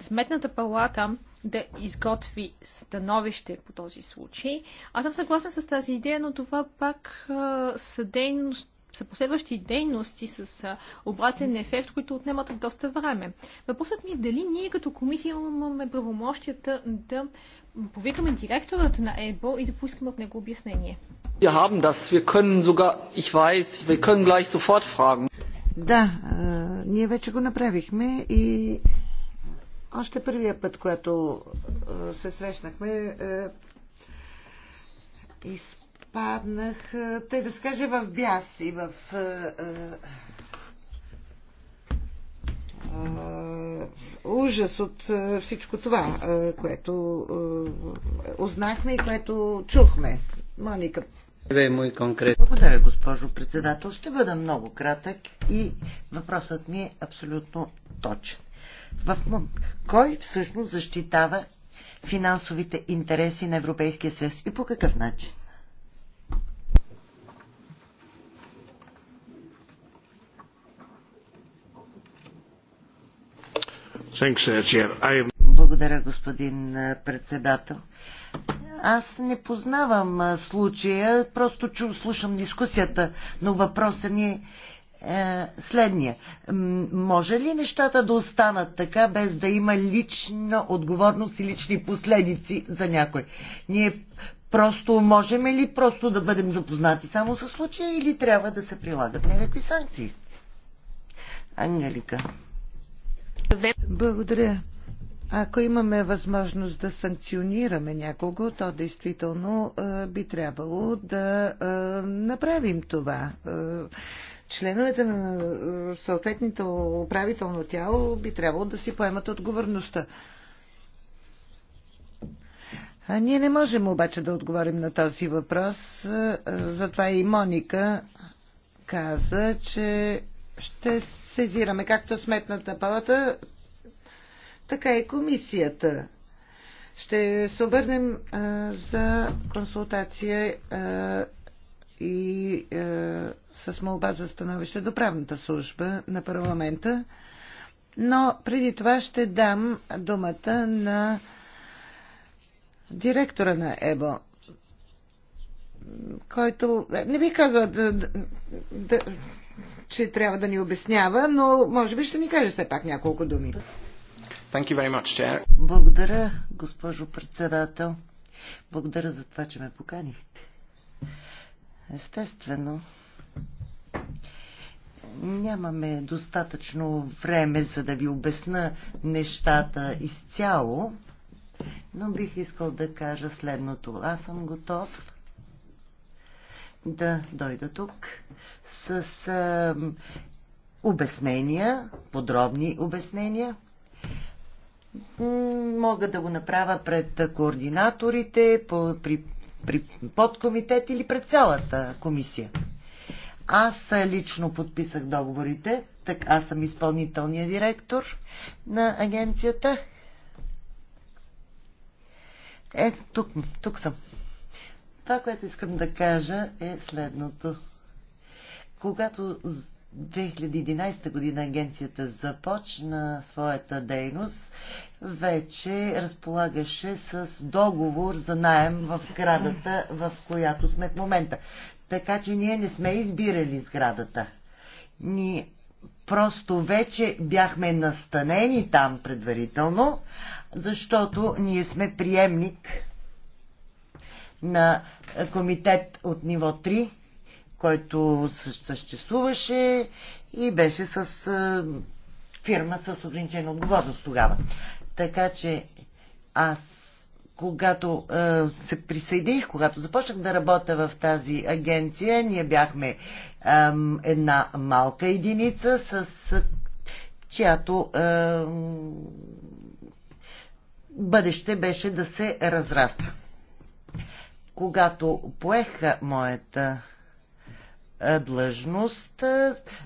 Speaker 3: Сметната палата да изготви становище по този случай. Аз съм съгласна с тази идея, но това пак са дейност, са последващи дейности с обратен ефект, които отнемат от доста време. Въпросът ми е дали ние като комисия имаме правомощията да повикаме директорът на ЕБО и да поискаме от него обяснение.
Speaker 1: Да, ние вече го направихме и още първия път, когато се срещнахме, Изпаднах, те да се в бяс и в е, е, е, ужас от всичко това, което узнахме и което чухме. Моника. Благодаря, госпожо председател. Ще бъда много кратък и въпросът ми е абсолютно точен. В... Кой всъщност защитава финансовите интереси на Европейския съюз и по какъв начин? Благодаря, господин председател. Аз не познавам случая, просто чу, слушам дискусията, но въпросът ми е, е следния. Може ли нещата да останат така, без да има лична отговорност и лични последици за някой? Ние просто можем ли просто да бъдем запознати само с случая или трябва да се прилагат някакви санкции? Ангелика. Благодаря. Ако имаме възможност да санкционираме някого, то действително би трябвало да направим това. Членовете на съответното управително тяло би трябвало да си поемат отговорността. А ние не можем обаче да отговорим на този въпрос. Затова и Моника каза, че ще сезираме както Сметната палата, така и комисията. Ще се обърнем а, за консултация а, и а, с молба за становище до правната служба на парламента. Но преди това ще дам думата на директора на ЕБО, който не би казал, да, да, че трябва да ни обяснява, но може би ще ни каже все пак няколко думи.
Speaker 3: Thank you very much, Chair.
Speaker 1: Благодаря, госпожо председател. Благодаря за това, че ме поканихте. Естествено, нямаме достатъчно време, за да ви обясна нещата изцяло, но бих искал да кажа следното. Аз съм готов да дойда тук с а, обяснения, подробни обяснения. Мога да го направя пред координаторите, по, при, при подкомитет или пред цялата комисия. Аз лично подписах договорите, така аз съм изпълнителният директор на агенцията. Е, тук, тук съм. Това, което искам да кажа е следното. Когато 2011 година агенцията започна своята дейност, вече разполагаше с договор за найем в сградата, в която сме в момента. Така че ние не сме избирали сградата. Ни просто вече бяхме настанени там предварително, защото ние сме приемник на комитет от ниво 3, който съществуваше и беше с е, фирма с ограничена отговорност тогава. Така че аз когато е, се присъединих, когато започнах да работя в тази агенция, ние бяхме е, една малка единица, с, с чиято е, бъдеще беше да се разраства когато поеха моята длъжност,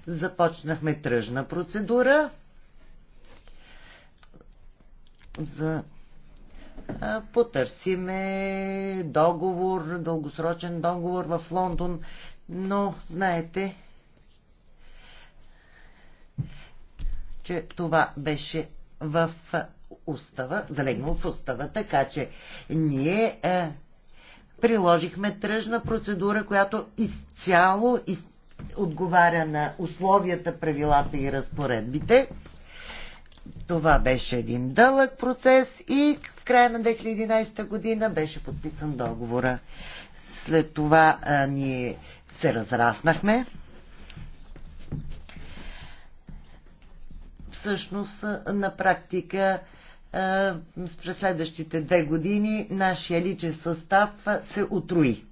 Speaker 1: започнахме тръжна процедура за потърсиме договор, дългосрочен договор в Лондон, но знаете, че това беше в устава, залегнал в устава, така че ние е, приложихме тръжна процедура, която изцяло из... отговаря на условията, правилата и разпоредбите. Това беше един дълъг процес и в края на 2011 година беше подписан договора. След това а, ние се разраснахме. Всъщност, на практика, е, през следващите две години нашия личен състав се отруи.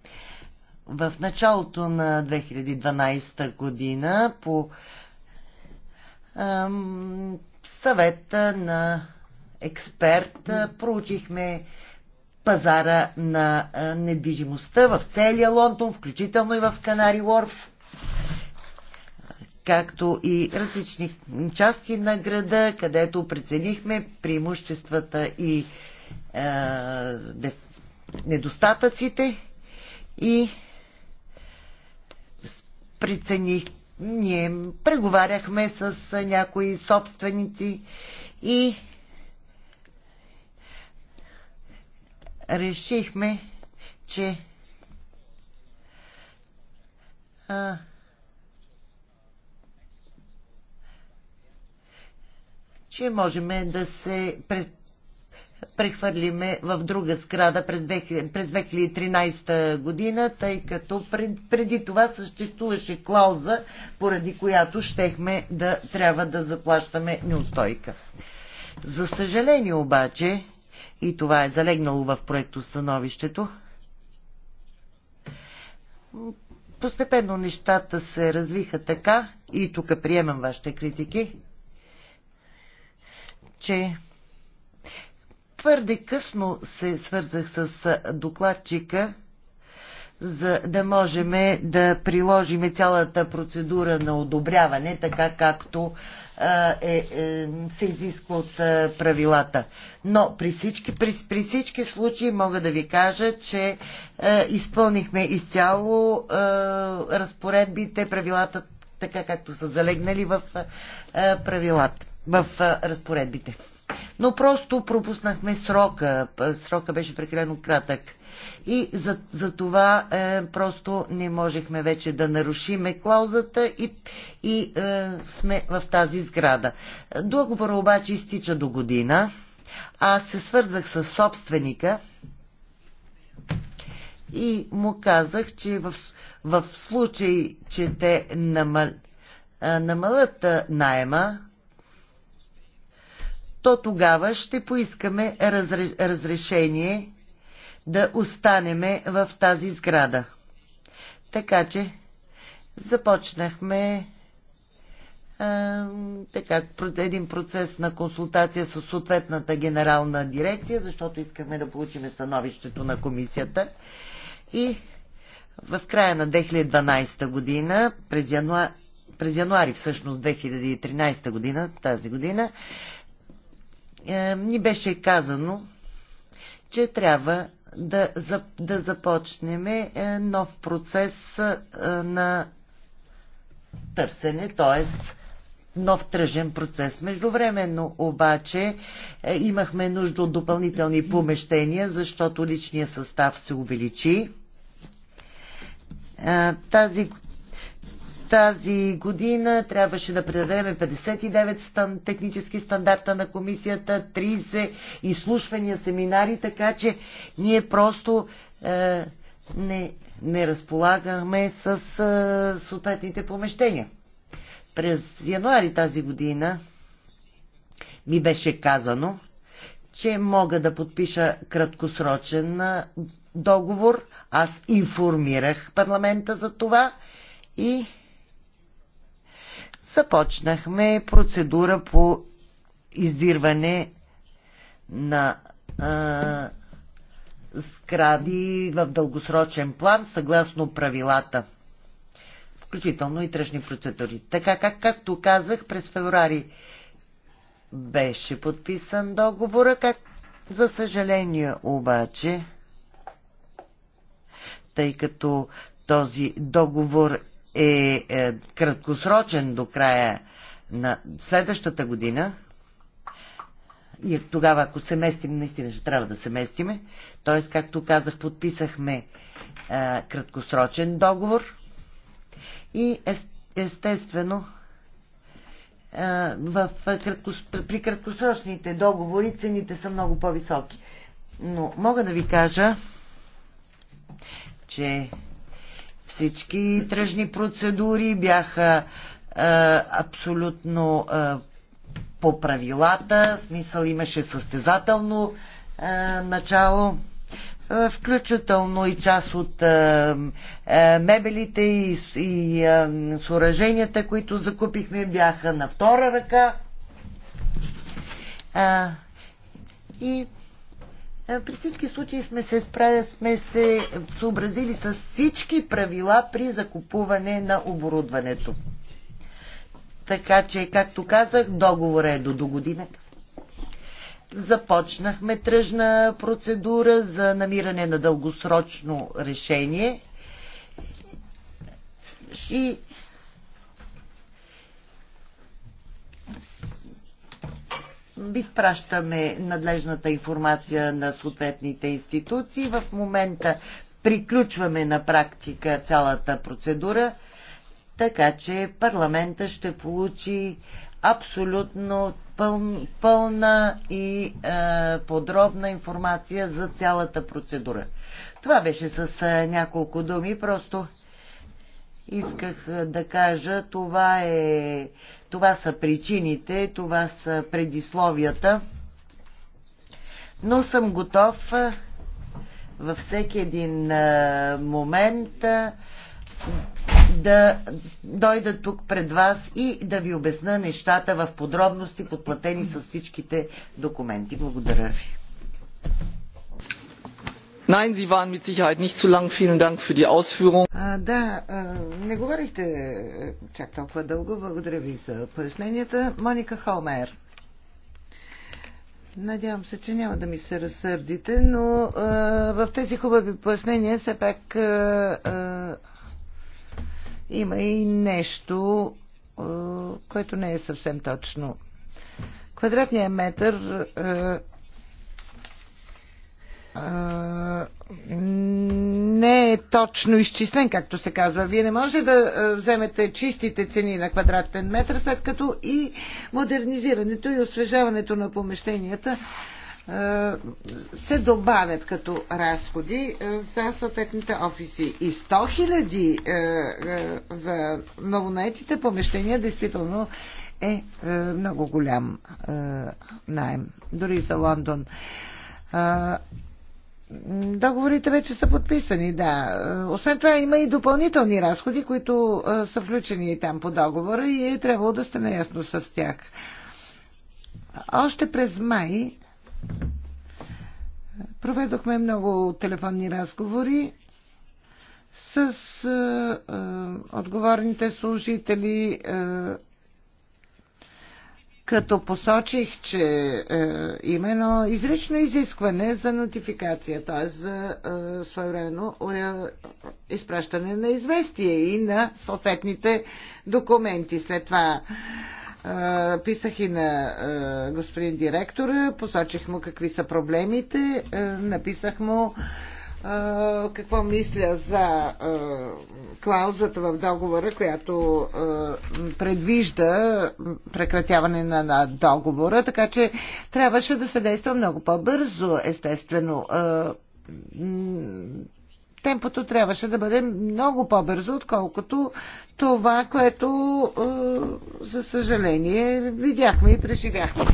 Speaker 1: В началото на 2012 година по съвета на експерт е, проучихме пазара на е, недвижимостта в целия Лондон, включително и в Канари Уорф както и различни части на града, където преценихме преимуществата и е, недостатъците и прецених, ние преговаряхме с някои собственици и решихме, че а, че можем да се прехвърлиме в друга сграда през 2013 година, тъй като преди това съществуваше клауза, поради която щехме да трябва да заплащаме неустойка. За съжаление обаче, и това е залегнало в проекто становището, постепенно нещата се развиха така, и тук приемам вашите критики, че твърде късно се свързах с докладчика, за да можем да приложим цялата процедура на одобряване, така както е, е, се изисква от а, правилата. Но при всички, при, при всички случаи мога да ви кажа, че а, изпълнихме изцяло а, разпоредбите, правилата, така както са залегнали в а, правилата в разпоредбите. Но просто пропуснахме срока. Срока беше прекалено кратък. И за, за това е, просто не можехме вече да нарушиме клаузата и, и е, сме в тази сграда. Договора обаче изтича до година. Аз се свързах с собственика и му казах, че в, в случай, че те намал, е, намалят е, найема, то тогава ще поискаме разрешение да останеме в тази сграда. Така че започнахме така, един процес на консултация с съответната генерална дирекция, защото искахме да получим становището на комисията. И в края на 2012 година, през януар, през януари всъщност 2013 година, тази година, е, ни беше казано, че трябва да, да започнем е, нов процес е, на търсене, т.е. нов тръжен процес. Междувременно обаче имахме нужда от допълнителни помещения, защото личният състав се увеличи. Тази, тази година трябваше да предадем 59 стан, технически стандарта на комисията, 30 изслушвания, семинари, така че ние просто е, не, не разполагахме с е, съответните помещения. През януари тази година ми беше казано, че мога да подпиша краткосрочен е, договор. Аз информирах парламента за това и започнахме процедура по издирване на а, сгради в дългосрочен план, съгласно правилата, включително и тръжни процедури. Така как, както казах, през феврари беше подписан договора, как за съжаление обаче, тъй като този договор е, е краткосрочен до края на следващата година, и тогава, ако се местим, наистина ще трябва да се местиме. Т.е. както казах, подписахме е, краткосрочен договор и естествено е, в, краткос, при краткосрочните договори цените са много по-високи. Но мога да ви кажа, че всички тръжни процедури бяха а, е, абсолютно а, е, по правилата, смисъл имаше състезателно а, е, начало включително и част от а, а, мебелите и, и а, съоръженията, които закупихме, бяха на втора ръка. А, и е, при всички случаи сме се, справя, сме се съобразили с всички правила при закупуване на оборудването. Така че, както казах, договор е до до годината. Започнахме тръжна процедура за намиране на дългосрочно решение и Изпращаме надлежната информация на съответните институции. В момента приключваме на практика цялата процедура, така че парламента ще получи абсолютно пълна и е, подробна информация за цялата процедура. Това беше с е, няколко думи, просто исках да кажа, това, е, това са причините, това са предисловията, но съм готов във всеки един момент да дойда тук пред вас и да ви обясна нещата в подробности, подплатени с всичките
Speaker 2: документи. Благодаря ви. Nein, Sie waren mit Sicherheit nicht zu lang. Vielen Dank für die Ausführung.
Speaker 1: Да, не говорихте чак толкова дълго. Благодаря ви за поясненията. Моника Холмер. Надявам се, че няма да ми се разсърдите, но в тези хубави пояснения все пак има и нещо, което не е съвсем точно. Квадратният метър не е точно изчислен, както се казва. Вие не можете да вземете чистите цени на квадратен метър, след като и модернизирането и освежаването на помещенията се добавят като разходи за съответните офиси. И 100 хиляди за новонаетите помещения действително е много голям найем, дори за Лондон. Договорите вече са подписани, да. Освен това има и допълнителни разходи, които са включени там по договора и е трябвало да сте наясно с тях. Още през май проведохме много телефонни разговори с отговорните служители като посочих, че е, има едно изрично изискване за нотификация, т.е. за е, своевременно е, изпращане на известие и на съответните документи. След това е, писах и на е, господин директора, посочих му какви са проблемите, е, написах му е, какво мисля за клаузата в договора, която предвижда прекратяване на, на договора, така че трябваше да се действа много по-бързо, естествено. Темпото трябваше да бъде много по-бързо, отколкото това, което, за съжаление, видяхме и преживяхме.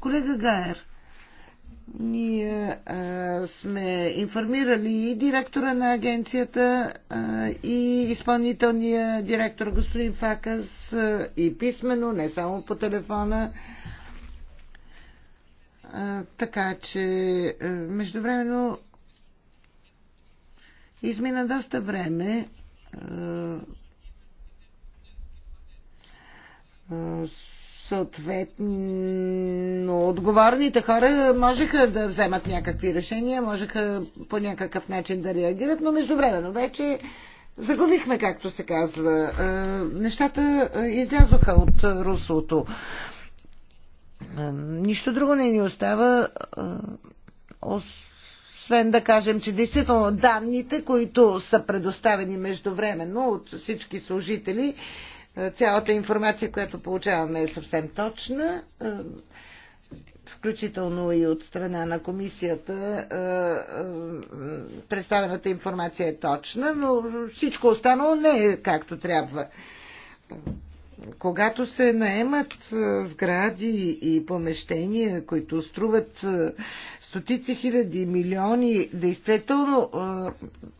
Speaker 1: Колега Гаер. Ние а, сме информирали и директора на агенцията, а, и изпълнителния директор господин Факас, а, и писменно, не само по телефона. А, така че, а, междувременно, измина доста време. А, съответно отговорните хора можеха да вземат някакви решения, можеха по някакъв начин да реагират, но междувременно вече загубихме, както се казва. Е, нещата е, излязоха от руслото. Е, нищо друго не ни остава, освен да кажем, че действително данните, които са предоставени междувременно от всички служители, е, цялата информация, която получаваме е съвсем точна, е, включително и от страна на комисията. Е, представената информация е точна, но всичко останало не е както трябва. Когато се наемат сгради и помещения, които струват стотици хиляди, милиони, действително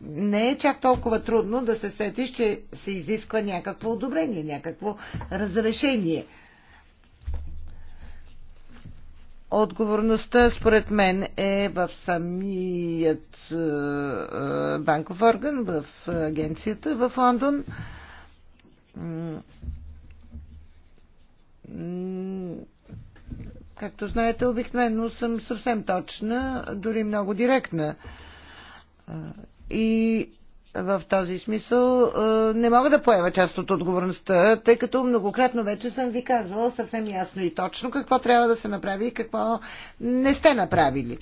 Speaker 1: не е чак толкова трудно да се сетиш, че се изисква някакво одобрение, някакво разрешение. Отговорността, според мен, е в самият банков орган, в агенцията в Лондон Както знаете, обикновено съм съвсем точна, дори много директна. И в този смисъл не мога да поема част от отговорността, тъй като многократно вече съм ви казвала съвсем ясно и точно какво трябва да се направи и какво не сте направили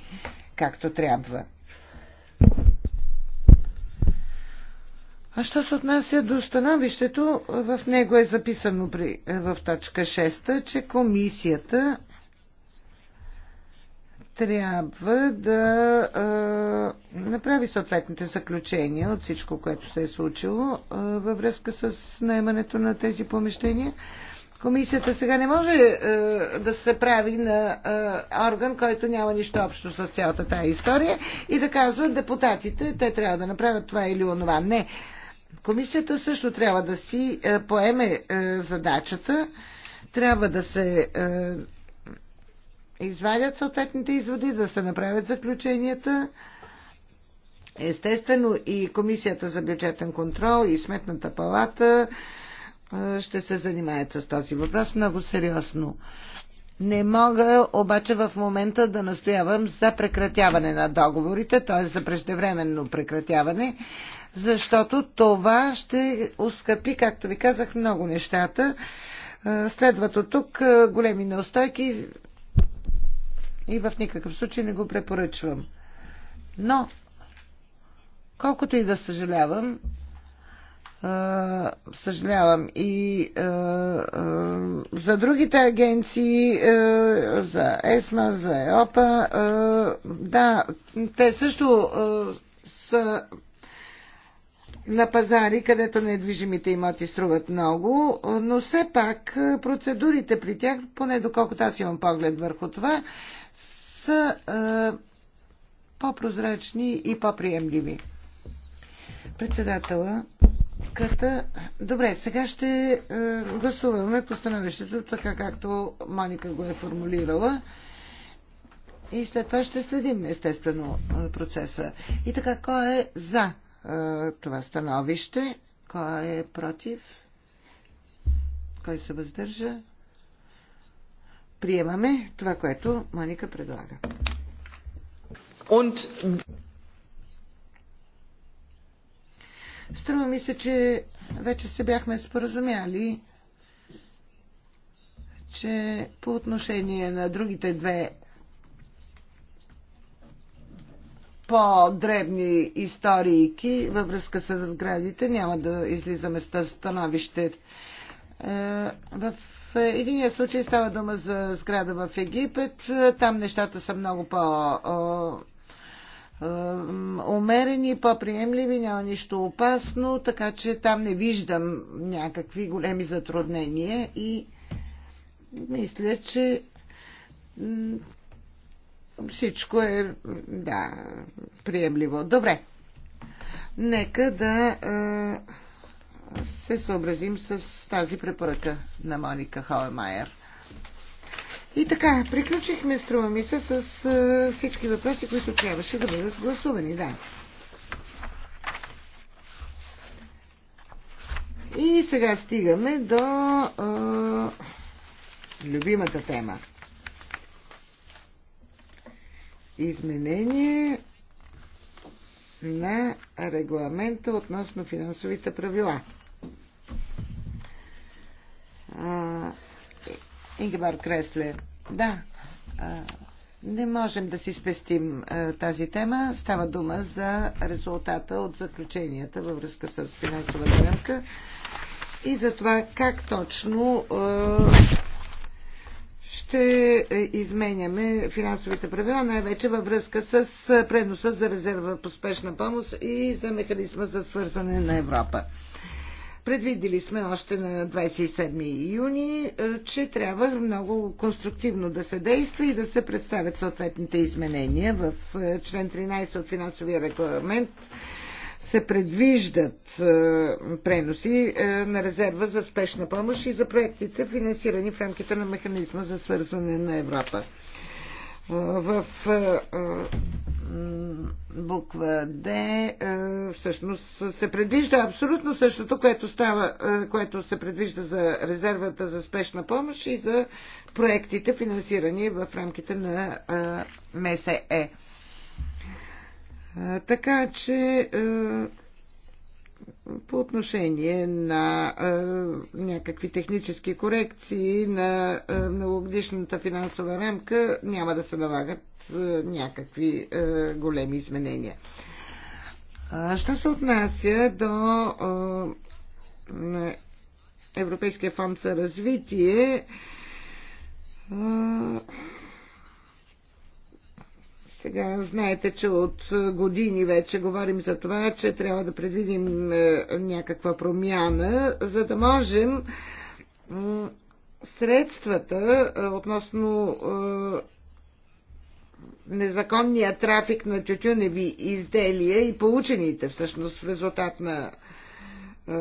Speaker 1: както трябва. А що се отнася до становището, в него е записано при, в точка 6, че комисията трябва да а, направи съответните заключения от всичко, което се е случило а, във връзка с наемането на тези помещения. Комисията сега не може а, да се прави на а, орган, който няма нищо общо с цялата тая история и да казва депутатите, те трябва да направят това или онова. Не. Комисията също трябва да си а, поеме а, задачата, трябва да се. А, извадят съответните изводи, да се направят заключенията. Естествено и Комисията за бюджетен контрол и Сметната палата ще се занимаят с този въпрос много сериозно. Не мога обаче в момента да настоявам за прекратяване на договорите, т.е. за преждевременно прекратяване, защото това ще ускъпи, както ви казах, много нещата. Следват от тук големи неустойки и в никакъв случай не го препоръчвам. Но, колкото и да съжалявам, съжалявам и за другите агенции, за ЕСМА, за ЕОПА, да, те също са на пазари, където недвижимите имоти струват много, но все пак процедурите при тях, поне доколкото аз имам поглед върху това, са е, по-прозрачни и по-приемливи. Председателът Ката. Добре, сега ще е, гласуваме по становището, така както Моника го е формулирала. И след това ще следим, естествено, е, процеса. И така, кой е за е, това становище? Кой е против? Кой се въздържа? приемаме това, което Моника предлага. Und... Струва ми се, че вече се бяхме споразумяли, че по отношение на другите две по-дребни историйки във връзка с сградите. Няма да излизаме с становище. Е, в единия случай става дума за сграда в Египет. Там нещата са много по- умерени, по-приемливи, няма нищо опасно, така че там не виждам някакви големи затруднения и мисля, че всичко е, да, приемливо. Добре. Нека да се съобразим с тази препоръка на Моника Хоемайер. И така, приключихме, струва ми се, с е, всички въпроси, които трябваше да бъдат гласувани. Да. И сега стигаме до е, любимата тема. Изменение на регламента относно финансовите правила. Ингебар Кресле. Да, не можем да си спестим тази тема. Става дума за резултата от заключенията във връзка с финансовата рамка и за това как точно ще изменяме финансовите правила, най-вече във връзка с преноса за резерва по спешна помощ и за механизма за свързане на Европа. Предвидили сме още на 27 юни, е, че трябва много конструктивно да се действа и да се представят съответните изменения. В е, член 13 от финансовия регламент се предвиждат е, преноси на резерва за спешна помощ и за проектите, финансирани в рамките на механизма за свързване на Европа в буква Д всъщност се предвижда абсолютно същото, което, става, което се предвижда за резервата за спешна помощ и за проектите, финансирани в рамките на МСЕ. Така че по отношение на а, е, някакви технически корекции на е, многогодишната финансова рамка няма да се налагат а, е, някакви а, големи изменения. А, що се отнася до а, Европейския фонд за развитие, а, сега знаете, че от години вече говорим за това, че трябва да предвидим е, някаква промяна, за да можем средствата е, относно е, незаконния трафик на тютюневи изделия и получените всъщност в резултат на е,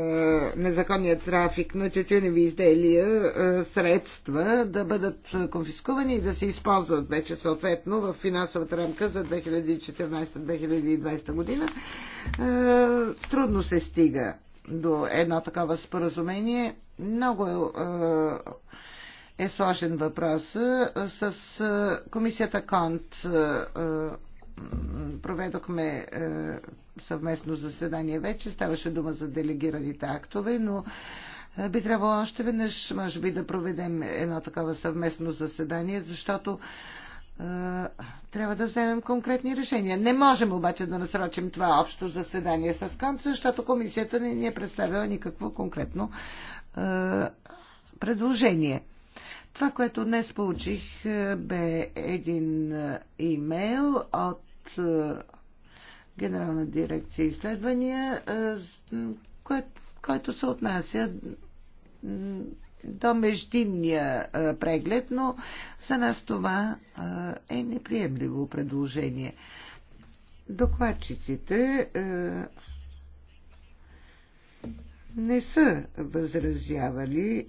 Speaker 1: незаконния трафик на тютюневи изделия е, средства да бъдат конфискувани и да се използват вече съответно в финансовата рамка за 2014-2020 година. Е, трудно се стига до едно такова споразумение. Много е, е сложен въпрос. С комисията Конт проведохме съвместно заседание вече. Ставаше дума за делегираните актове, но е, би трябвало още веднъж, може би, да проведем едно такова съвместно заседание, защото е, трябва да вземем конкретни решения. Не можем обаче да насрочим това общо заседание с КАНЦ, защото комисията не ни е представила никакво конкретно е, предложение. Това, което днес получих, е, бе един е, имейл от Генерална дирекция изследвания, който се отнася до междинния преглед, но за нас това е неприемливо предложение. Докладчиците не са възразявали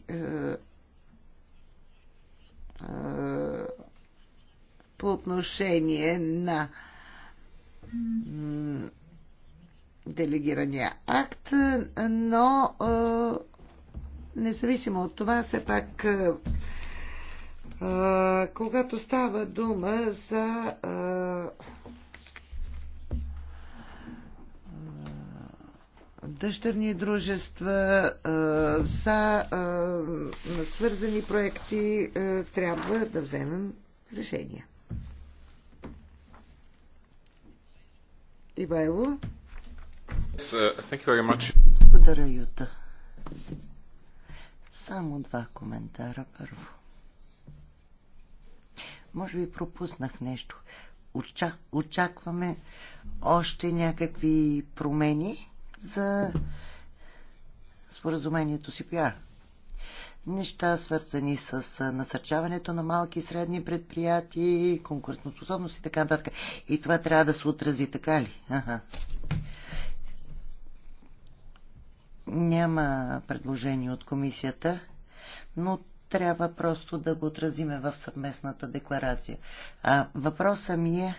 Speaker 1: по отношение на делегирания акт, но независимо от това, все пак когато става дума за дъщерни дружества, за свързани проекти, трябва да вземем решения. Ивайло.
Speaker 2: Uh,
Speaker 1: Благодаря, Юта. Само два коментара първо. Може би пропуснах нещо. Очакваме още някакви промени за споразумението си пиар неща, свързани с насърчаването на малки и средни предприятия, конкурентоспособност и така нататък. И това трябва да се отрази, така ли? Ага. Няма предложение от комисията, но трябва просто да го отразиме в съвместната декларация. А въпросът ми е,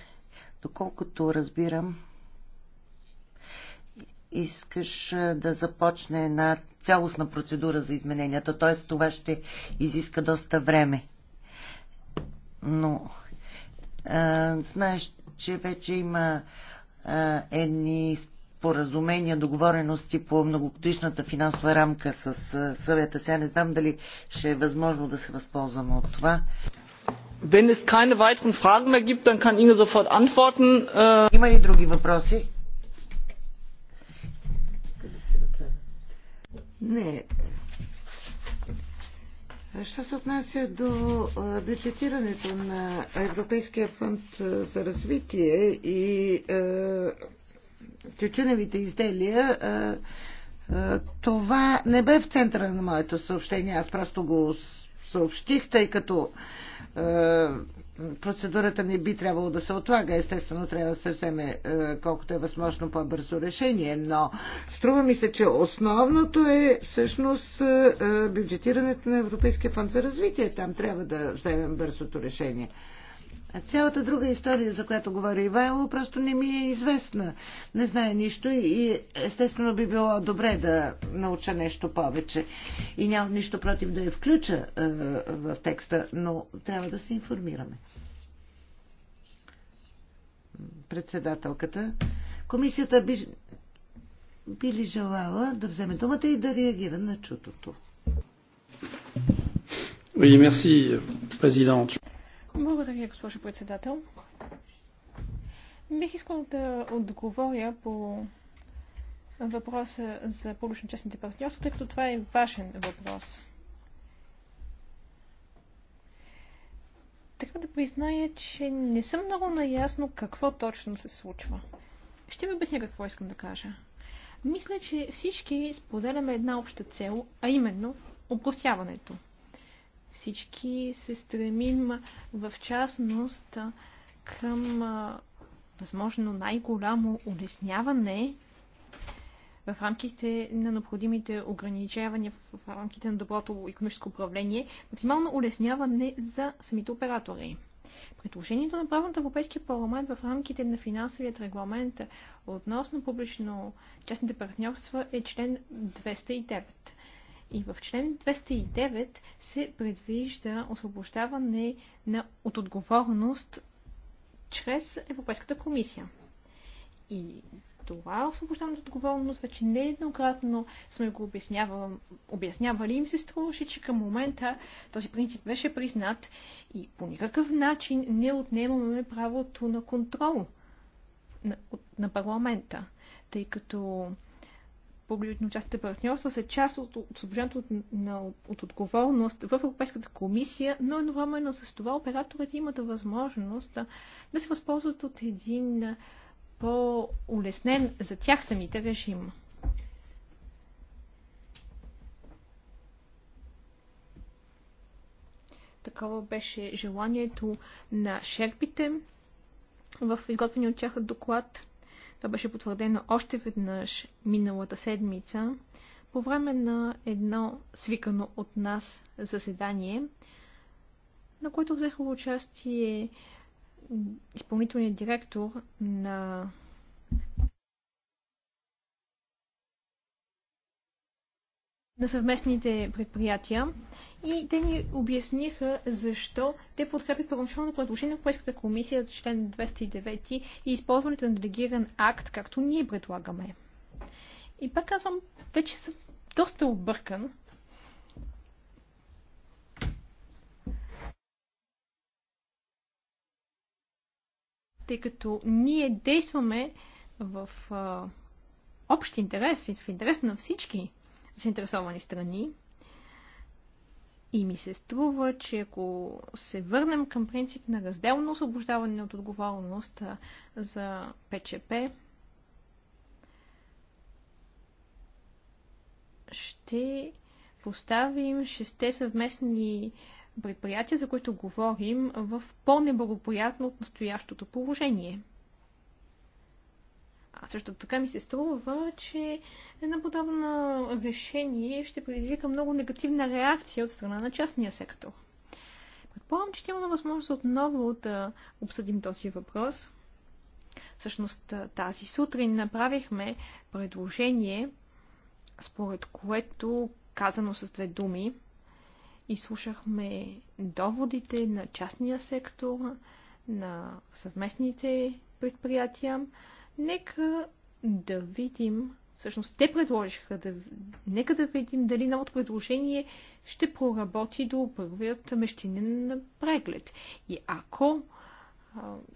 Speaker 1: доколкото разбирам, искаш да започне една цялостна процедура за измененията, т.е. това ще изиска доста време. Но а, знаеш, че вече има а, едни споразумения, договорености по многогодишната финансова рамка с съвета. Сега не знам дали ще е възможно да се възползваме от това. Wenn es
Speaker 2: keine weiteren Fragen mehr gibt, dann kann Inge sofort antworten. Äh, има ли други въпроси?
Speaker 1: Не. Що се отнася до бюджетирането на Европейския фонд за развитие и тютюневите изделия, това не бе в центъра на моето съобщение. Аз просто го съобщих, тъй като процедурата не би трябвало да се отлага. Естествено, трябва да се вземе е, колкото е възможно по-бързо решение, но струва ми се, че основното е всъщност е, е, бюджетирането на Европейския фонд за развитие. Там трябва да вземем бързото решение. А Цялата друга история, за която говори Ивайло, просто не ми е известна. Не знае нищо и естествено би било добре да науча нещо повече. И нямам нищо против да я включа е, в текста, но трябва да се информираме. Председателката. Комисията би, би ли желала да вземе думата и да реагира на
Speaker 2: чутото? Oui, merci, президент.
Speaker 3: Благодаря, госпожо председател. Бих искал да отговоря по въпроса за публично-честните партньорства, тъй като това е важен въпрос. Трябва да призная, че не съм много наясно какво точно се случва. Ще ви обясня какво искам да кажа. Мисля, че всички споделяме една обща цел, а именно опростяването. Всички се стремим в частност към възможно най-голямо улесняване в рамките на необходимите ограничавания, в рамките на доброто економическо управление, максимално улесняване за самите оператори. Предложението на на Европейския парламент в рамките на финансовият регламент относно публично-частните партньорства е член 209. И в член 209 се предвижда освобождаване на, от отговорност чрез Европейската комисия. И това освобождаване от отговорност вече нееднократно сме го обяснявали им се струваше, че към момента този принцип беше признат и по никакъв начин не отнемаме правото на контрол на, на парламента, тъй като публично-частните партньорства са част от освобождането от, от, от отговорност в Европейската комисия, но едновременно с това операторите имат възможност да се възползват от един по-улеснен за тях самите режим. Такова беше желанието на шерпите в изготвения от тях доклад – това беше потвърдено още веднъж миналата седмица по време на едно свикано от нас заседание, на което взеха участие изпълнителният директор на на съвместните предприятия и те ни обясниха защо те подкрепят първоначално предложение на Европейската комисия за член 209 и използването на делегиран акт, както ние предлагаме. И пак казвам, вече съм доста объркан. Тъй като ние действаме в а, общ интерес и в интерес на всички заинтересовани страни. И ми се струва, че ако се върнем към принцип на разделно освобождаване от отговорност за ПЧП, ще поставим шесте съвместни предприятия, за които говорим, в по-неблагоприятно от настоящото положение – а също така ми се струва, че едно подобно решение ще предизвика много негативна реакция от страна на частния сектор. Предполагам, че имаме възможност отново да обсъдим този въпрос. Всъщност тази сутрин направихме предложение, според което, казано с две думи, изслушахме доводите на частния сектор, на съвместните предприятия, Нека да видим, всъщност те предложиха, да, нека да видим дали новото предложение ще проработи до първият мещинен преглед. И ако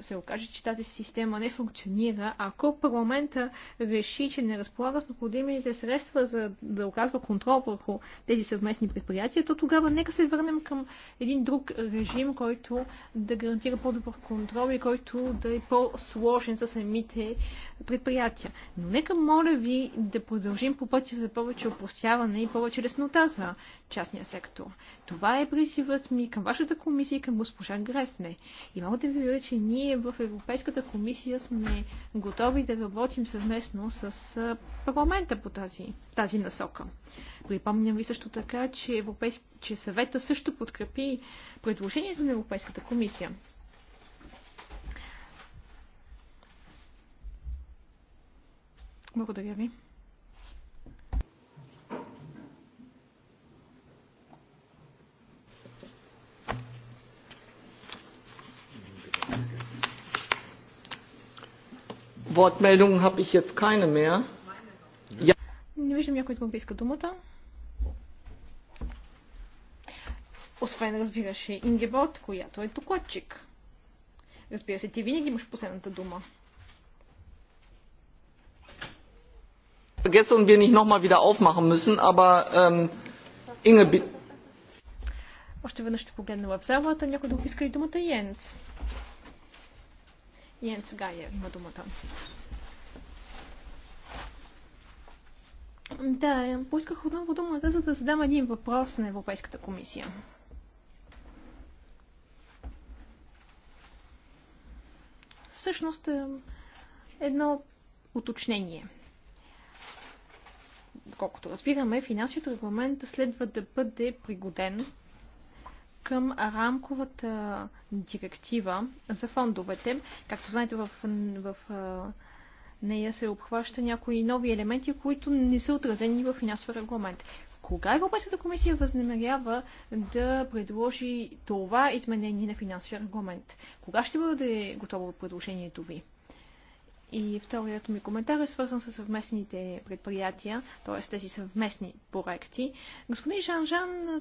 Speaker 3: се окаже, че тази система не функционира, ако парламента реши, че не разполага с необходимите средства за да оказва контрол върху тези съвместни предприятия, то тогава нека се върнем към един друг режим, който да гарантира по-добър контрол и който да е по-сложен за самите предприятия. Но нека моля ви да продължим по пътя за повече опростяване и повече леснота за частния сектор. Това е призивът ми към вашата комисия и към госпожа Гресне. И мога да ви уверя, че ние в Европейската комисия сме готови да работим съвместно с парламента по тази, тази насока. Припомням ви също така, че, Европейс... че съвета също подкрепи предложението на Европейската комисия. Благодаря ви.
Speaker 2: Wortmeldungen habe ich jetzt keine mehr. Ja.
Speaker 3: Не виждам някой друг да иска думата. Освен, разбира се, Ингеборд, която е докладчик. Разбира се, ти винаги имаш последната дума.
Speaker 2: Vergessen wir nicht nochmal wieder aufmachen müssen, aber ähm,
Speaker 3: Inge, Още веднъж ще погледна в залата. Някой друг иска ли думата? Йенц. Йенц Гайер има думата. Да, поисках отново думата, за да задам един въпрос на Европейската комисия. Всъщност, е, едно уточнение. Колкото разбираме, финансовият регламент следва да бъде пригоден към рамковата директива за фондовете. Както знаете, в, в нея се обхваща някои нови елементи, които не са отразени в финансовия регламент. Кога Европейската комисия възнамерява да предложи това изменение на финансовия регламент? Кога ще бъде готово предложението ви? И вторият ми коментар е свързан с съвместните предприятия, т.е. тези съвместни проекти. Господин Жан-Жан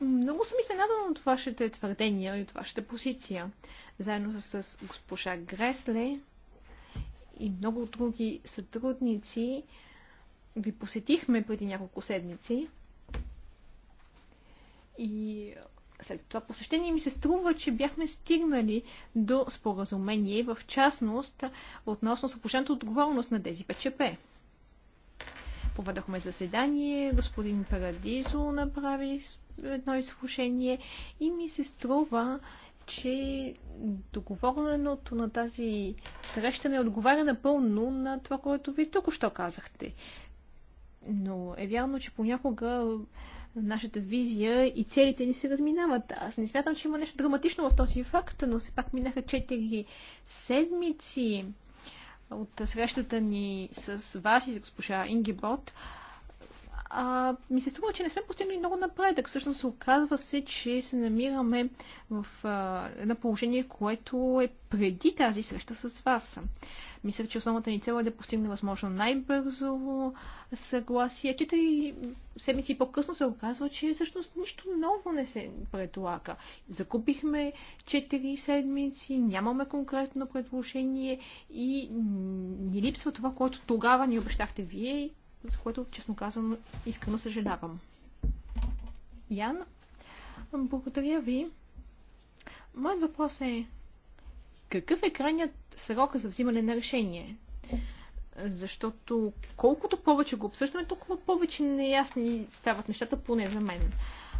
Speaker 3: много съм изненадан от вашите твърдения и от вашата позиция. Заедно с госпожа Гресле и много други сътрудници ви посетихме преди няколко седмици. И след това посещение ми се струва, че бяхме стигнали до споразумение, в частност относно съпощената отговорност на тези ПЧП проведохме заседание, господин Парадизо направи едно изслушение и ми се струва, че договореното на тази среща не отговаря напълно на това, което ви току-що казахте. Но е вярно, че понякога нашата визия и целите ни се разминават. Аз не смятам, че има нещо драматично в този факт, но все пак минаха 4 седмици от срещата ни с вас и с госпожа Ингибот, а, ми се струва, че не сме постигнали много напредък. Всъщност оказва се, че се намираме в а, едно положение, което е преди тази среща с вас. Мисля, че основната ни цел е да постигне възможно най-бързо съгласие. Четири седмици по-късно се оказва, че всъщност нищо ново не се предлага. Закупихме четири седмици, нямаме конкретно предложение и ни липсва това, което тогава ни обещахте вие, за което, честно казвам, искрено съжалявам. Ян, благодаря ви. Моят въпрос е, какъв е крайният срок за взимане на решение? Защото колкото повече го обсъждаме, толкова повече неясни стават нещата, поне за мен.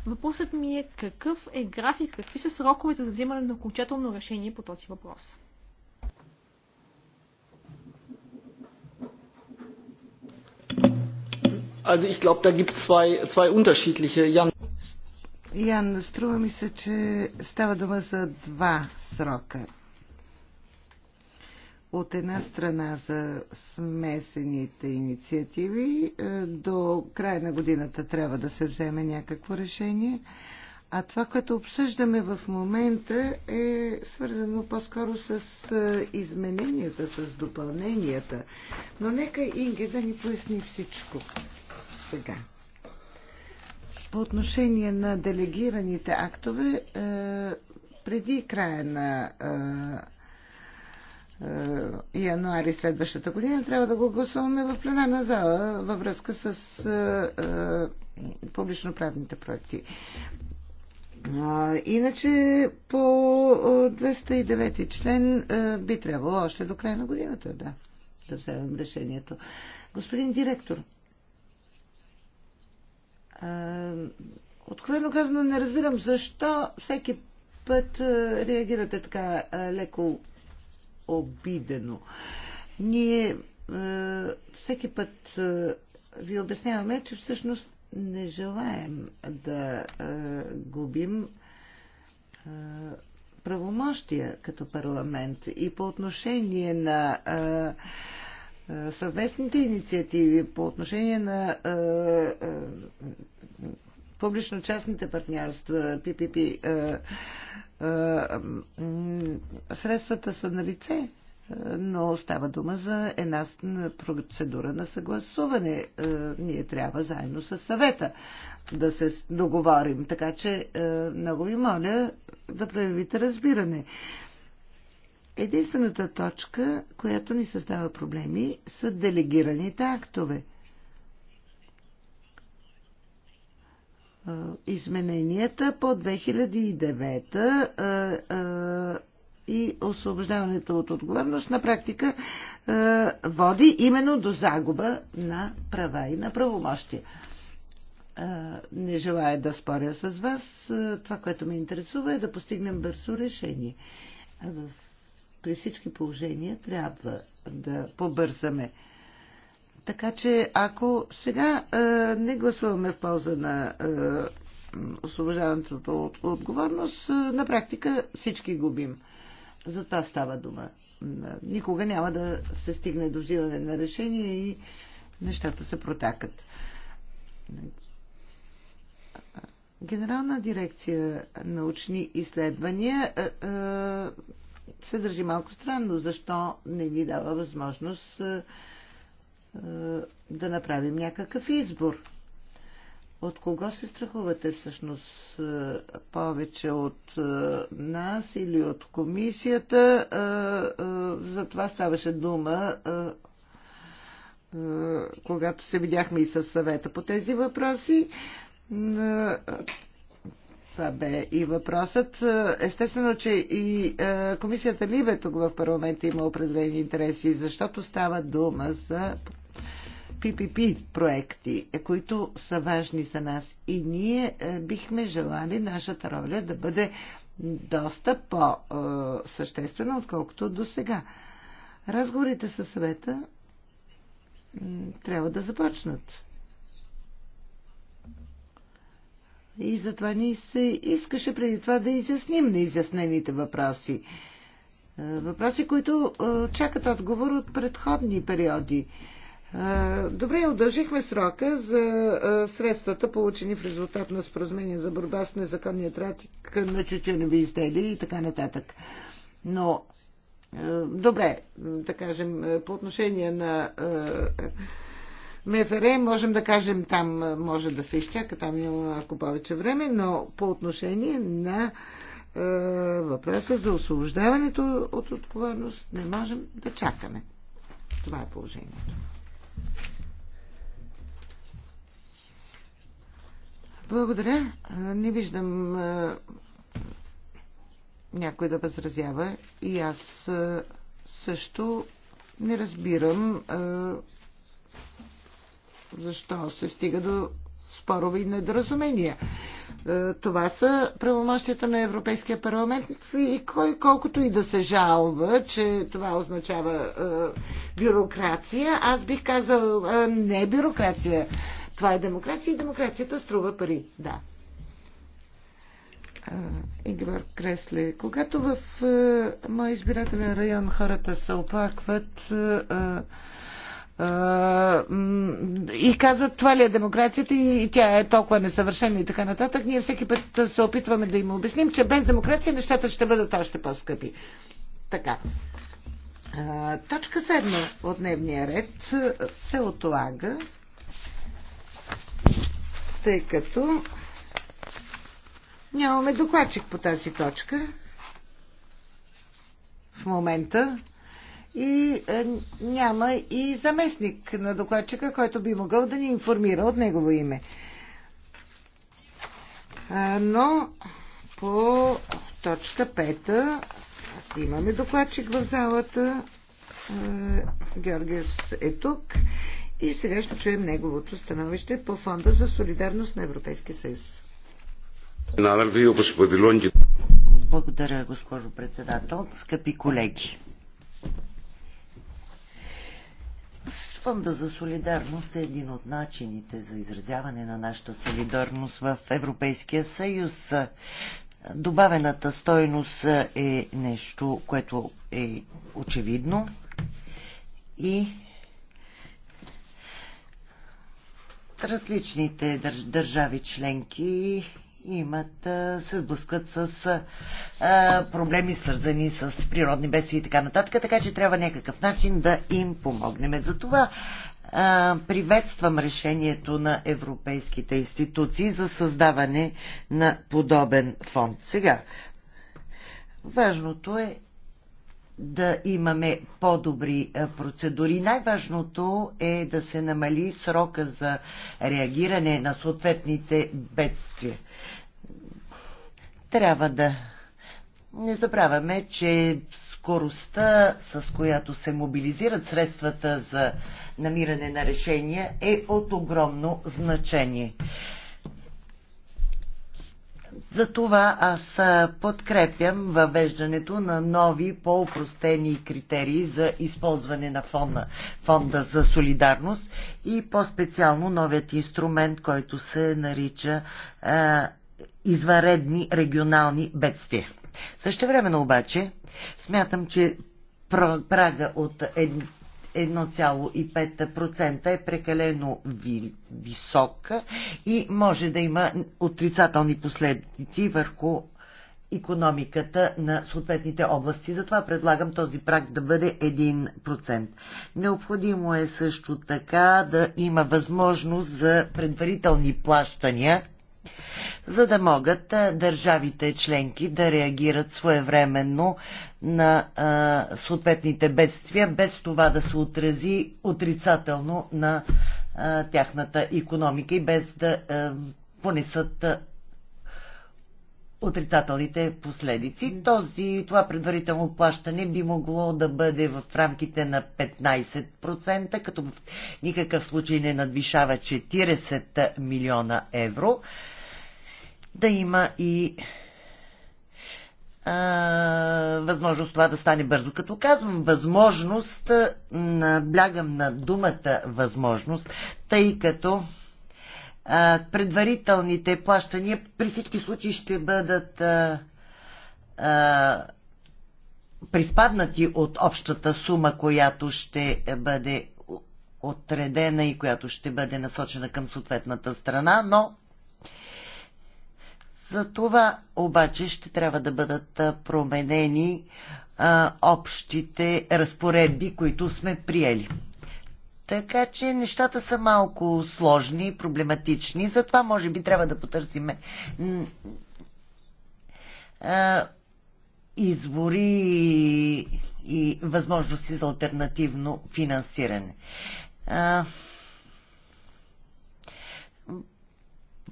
Speaker 3: Въпросът ми е какъв е график, какви са сроковете за взимане на окончателно решение по този въпрос?
Speaker 2: Also ich glaube, da gibt es zwei, zwei unterschiedliche. Jan.
Speaker 1: Ян, струва ми се, че става дума за два срока от една страна за смесените инициативи. Е, до края на годината трябва да се вземе някакво решение. А това, което обсъждаме в момента е свързано по-скоро с е, измененията, с допълненията. Но нека Инге да ни поясни всичко сега. По отношение на делегираните актове, е, преди края на е, януари следващата година, трябва да го гласуваме в пленарна зала във връзка с е, е, публично-правните проекти. Иначе по 209 член би трябвало още до края на годината да, да вземем решението. Господин директор, откровено казано не разбирам защо всеки път реагирате така леко обидено. Ние е, всеки път е, ви обясняваме, че всъщност не желаем да е, губим правомощия като парламент и по отношение на съвместните инициативи, по отношение на публично-частните партньорства, ППП, е, средствата са на лице, е, но става дума за една процедура на съгласуване. Е, ние трябва заедно с съвета да се договорим. Така че много ви моля да проявите разбиране. Единствената точка, която ни създава проблеми, са делегираните актове – измененията по 2009 и освобождаването от отговорност на практика води именно до загуба на права и на правомощия. Не желая да споря с вас. Това, което ме интересува е да постигнем бързо решение. При всички положения трябва да побързаме. Така че ако сега а, е, не гласуваме в полза на е, освобождаването от отговорност, а, е, на практика всички губим. За това става дума. Никога няма да се стигне до взимане на решение и нещата се протакат. Генерална дирекция научни изследвания се държи малко странно. Защо не ни дава възможност е, да направим някакъв избор. От кого се страхувате всъщност е, повече? От е, нас или от комисията? За това ставаше дума, когато се видяхме и с съвета по тези въпроси. Това бе и въпросът. Естествено, че и комисията Либе тук в парламента има определени интереси, защото става дума за PPP проекти, е, които са важни за нас. И ние е, бихме желали нашата роля да бъде доста по-съществена, отколкото до сега. Разговорите със съвета трябва да започнат. И затова ни се искаше преди това да изясним неизяснените въпроси. Е, въпроси, които чакат отговор от предходни периоди. Добре, удължихме срока за средствата, получени в резултат на споразумение за борба с незаконния трафик на тютюневи изделия и така нататък. Но, добре, да кажем, по отношение на МФР, можем да кажем, там може да се изчака, там има малко повече време, но по отношение на въпроса за освобождаването от отговорност не можем да чакаме. Това е положението. Благодаря. Не виждам някой да възразява и аз също не разбирам защо се стига до спорове и недоразумения. Това са правомощията на Европейския парламент и кой колкото и да се жалва, че това означава бюрокрация, аз бих казал не бюрокрация това е демокрация и демокрацията струва пари. Да. Ингебър Кресле, когато в моя избирателен район хората се оплакват, и казват това ли е демокрацията и тя е толкова несъвършена и така нататък, ние всеки път се опитваме да им обясним, че без демокрация нещата ще бъдат още по-скъпи. Така. Точка седма от дневния ред се отлага тъй като нямаме докладчик по тази точка в момента и е, няма и заместник на докладчика, който би могъл да ни информира от негово име. А, но по точка 5 имаме докладчик в залата. Е, Георгиус е тук и сега ще чуем неговото становище по Фонда за солидарност на Европейския съюз. Благодаря, госпожо председател. Скъпи колеги, Фонда за солидарност е един от начините за изразяване на нашата солидарност в Европейския съюз. Добавената стойност е нещо, което е очевидно и различните държ, държави членки имат, се сблъскват с а, проблеми, свързани с природни бедствия и така нататък, така че трябва някакъв начин да им помогнем. Затова а, приветствам решението на европейските институции за създаване на подобен фонд. Сега, важното е да имаме по-добри е, процедури. Най-важното е да се намали срока за реагиране на съответните бедствия. Трябва да не забравяме, че скоростта, с която се мобилизират средствата за намиране на решения, е от огромно значение. Затова аз подкрепям въвеждането на нови, по-упростени критерии за използване на фонда, фонда за солидарност и по-специално новият инструмент, който се нарича е, извънредни регионални бедствия. Също времено обаче смятам, че прага от 1,5% е прекалено ви, висока и може да има отрицателни последици върху економиката на съответните области. Затова предлагам този прак да бъде 1%. Необходимо е също така да има възможност за предварителни плащания за да могат държавите членки да реагират своевременно на а, съответните бедствия, без това да се отрази отрицателно на а, тяхната економика и без да а, понесат а, отрицателните последици. Този, това предварително плащане би могло да бъде в рамките на 15%, като в никакъв случай не надвишава 40 милиона евро да има и възможност това да стане бързо. Като казвам възможност, наблягам на думата възможност, тъй като а, предварителните плащания при всички случаи ще бъдат а, а, приспаднати от общата сума, която ще бъде отредена и която ще бъде насочена към съответната страна, но за това обаче ще трябва да бъдат променени а, общите разпоредби, които сме приели. Така че нещата са малко сложни, проблематични, затова може би трябва да потърсиме а, избори и, и възможности за альтернативно финансиране. А,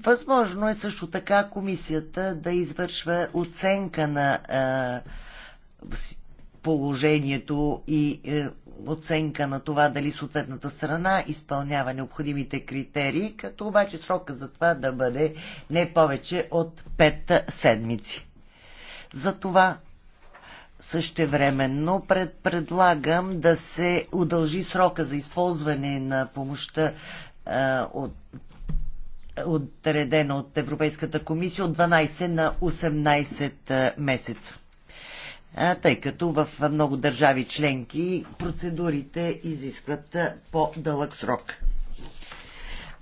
Speaker 1: Възможно е също така комисията да извършва оценка на положението и е, оценка на това дали съответната страна изпълнява необходимите критерии, като обаче срока за това да бъде не повече от 5 седмици. Затова Същевременно пред, предлагам да се удължи срока за използване на помощта а, от, отредена от Европейската комисия от 12 на 18 месеца. Тъй като в много държави членки процедурите изискват по-дълъг срок.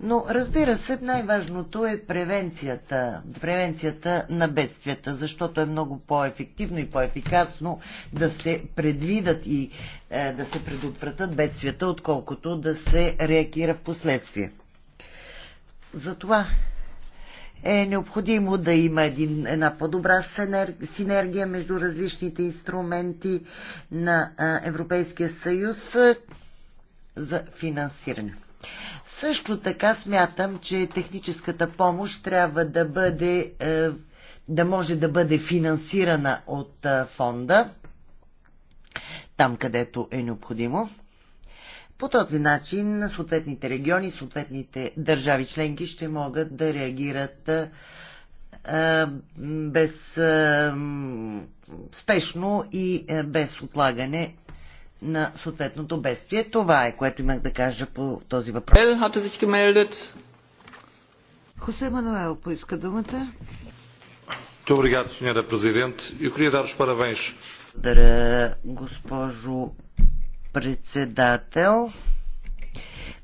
Speaker 1: Но разбира се, най-важното е превенцията, превенцията на бедствията, защото е много по-ефективно и по-ефикасно да се предвидат и е, да се предотвратят бедствията, отколкото да се реагира в последствие. Затова е необходимо да има един, една по-добра синергия между различните инструменти на Европейския съюз за финансиране. Също така смятам, че техническата помощ трябва да бъде да може да бъде финансирана от фонда там, където е необходимо. По този начин на съответните региони, съответните държави членки ще могат да реагират без спешно и без отлагане на съответното бедствие. Това е, което имах да кажа по този въпрос. Хосе Мануел поиска думата. Добре, господин президент. Благодаря, госпожо председател.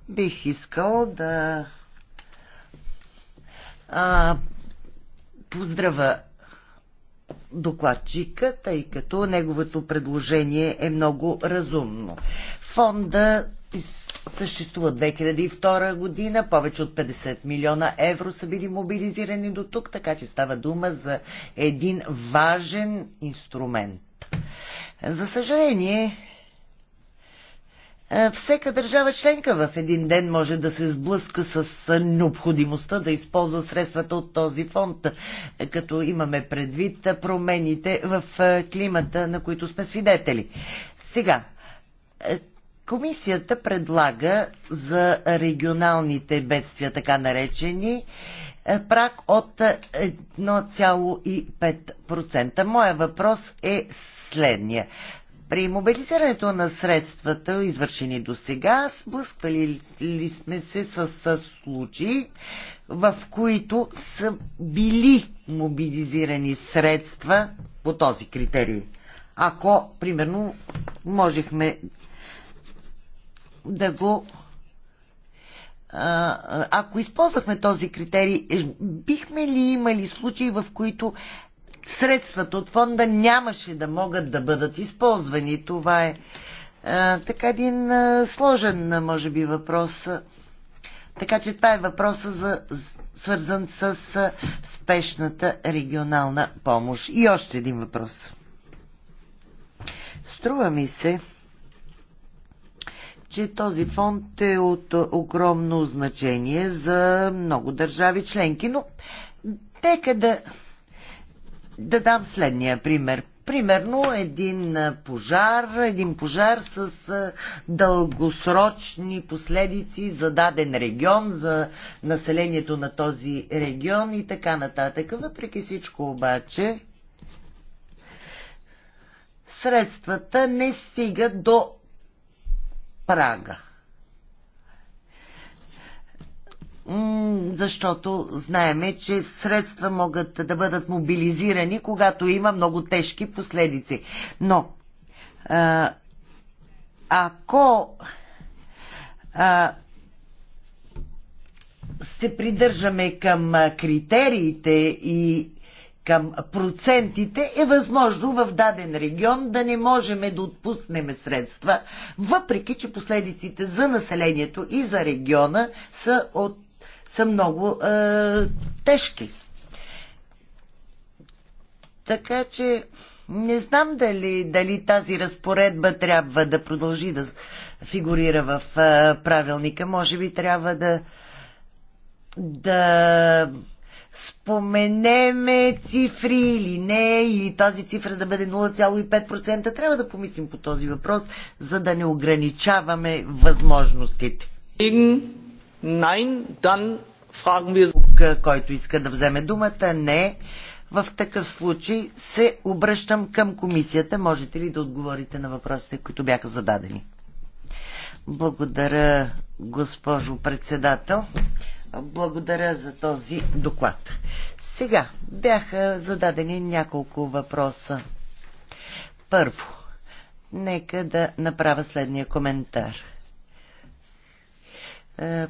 Speaker 1: Бих искал да а, поздравя докладчика, тъй като неговото предложение е много разумно. Фонда съществува 2002 година, повече от 50 милиона евро са били мобилизирани до тук, така че става дума за един важен инструмент. За съжаление, е, всека държава членка в един ден може да се сблъска с е, необходимостта да използва средствата от този фонд, е, като имаме предвид промените в климата, на които сме свидетели. Сега, комисията предлага за регионалните бедствия, така наречени, прак от 1,5%. Моя въпрос е следния. При мобилизирането на средствата, извършени до сега, сблъсквали ли сме се с, с случаи, в които са били мобилизирани средства по този критерий? Ако, примерно, можехме да го ако използвахме този критерий, бихме ли имали случаи, в които средствата от фонда нямаше да могат да бъдат използвани. Това е а, така един а, сложен, може би, въпрос. Така че това е въпроса за, свързан с а, спешната регионална помощ. И още един въпрос. Струва ми се, че този фонд е от огромно значение за много държави членки, но нека да да дам следния пример. Примерно един пожар, един пожар с дългосрочни последици за даден регион, за населението на този регион и така нататък. Въпреки всичко обаче, средствата не стигат до прага. защото знаеме, че средства могат да бъдат мобилизирани, когато има много тежки последици. Но, а, ако а, се придържаме към критериите и към процентите, е възможно в даден регион да не можем да отпуснем средства, въпреки че последиците за населението и за региона са от са много е, тежки. Така че не знам дали, дали тази разпоредба трябва да продължи да фигурира в е, правилника. Може би трябва да, да споменеме цифри или не, или тази цифра да бъде 0,5%. Трябва да помислим по този въпрос, за да не ограничаваме възможностите. Nein, dann fragen wir... Който иска да вземе думата, не. В такъв случай се обръщам към комисията. Можете ли да отговорите на въпросите, които бяха зададени? Благодаря, госпожо председател. Благодаря за този доклад. Сега бяха зададени няколко въпроса. Първо, нека да направя следния коментар е,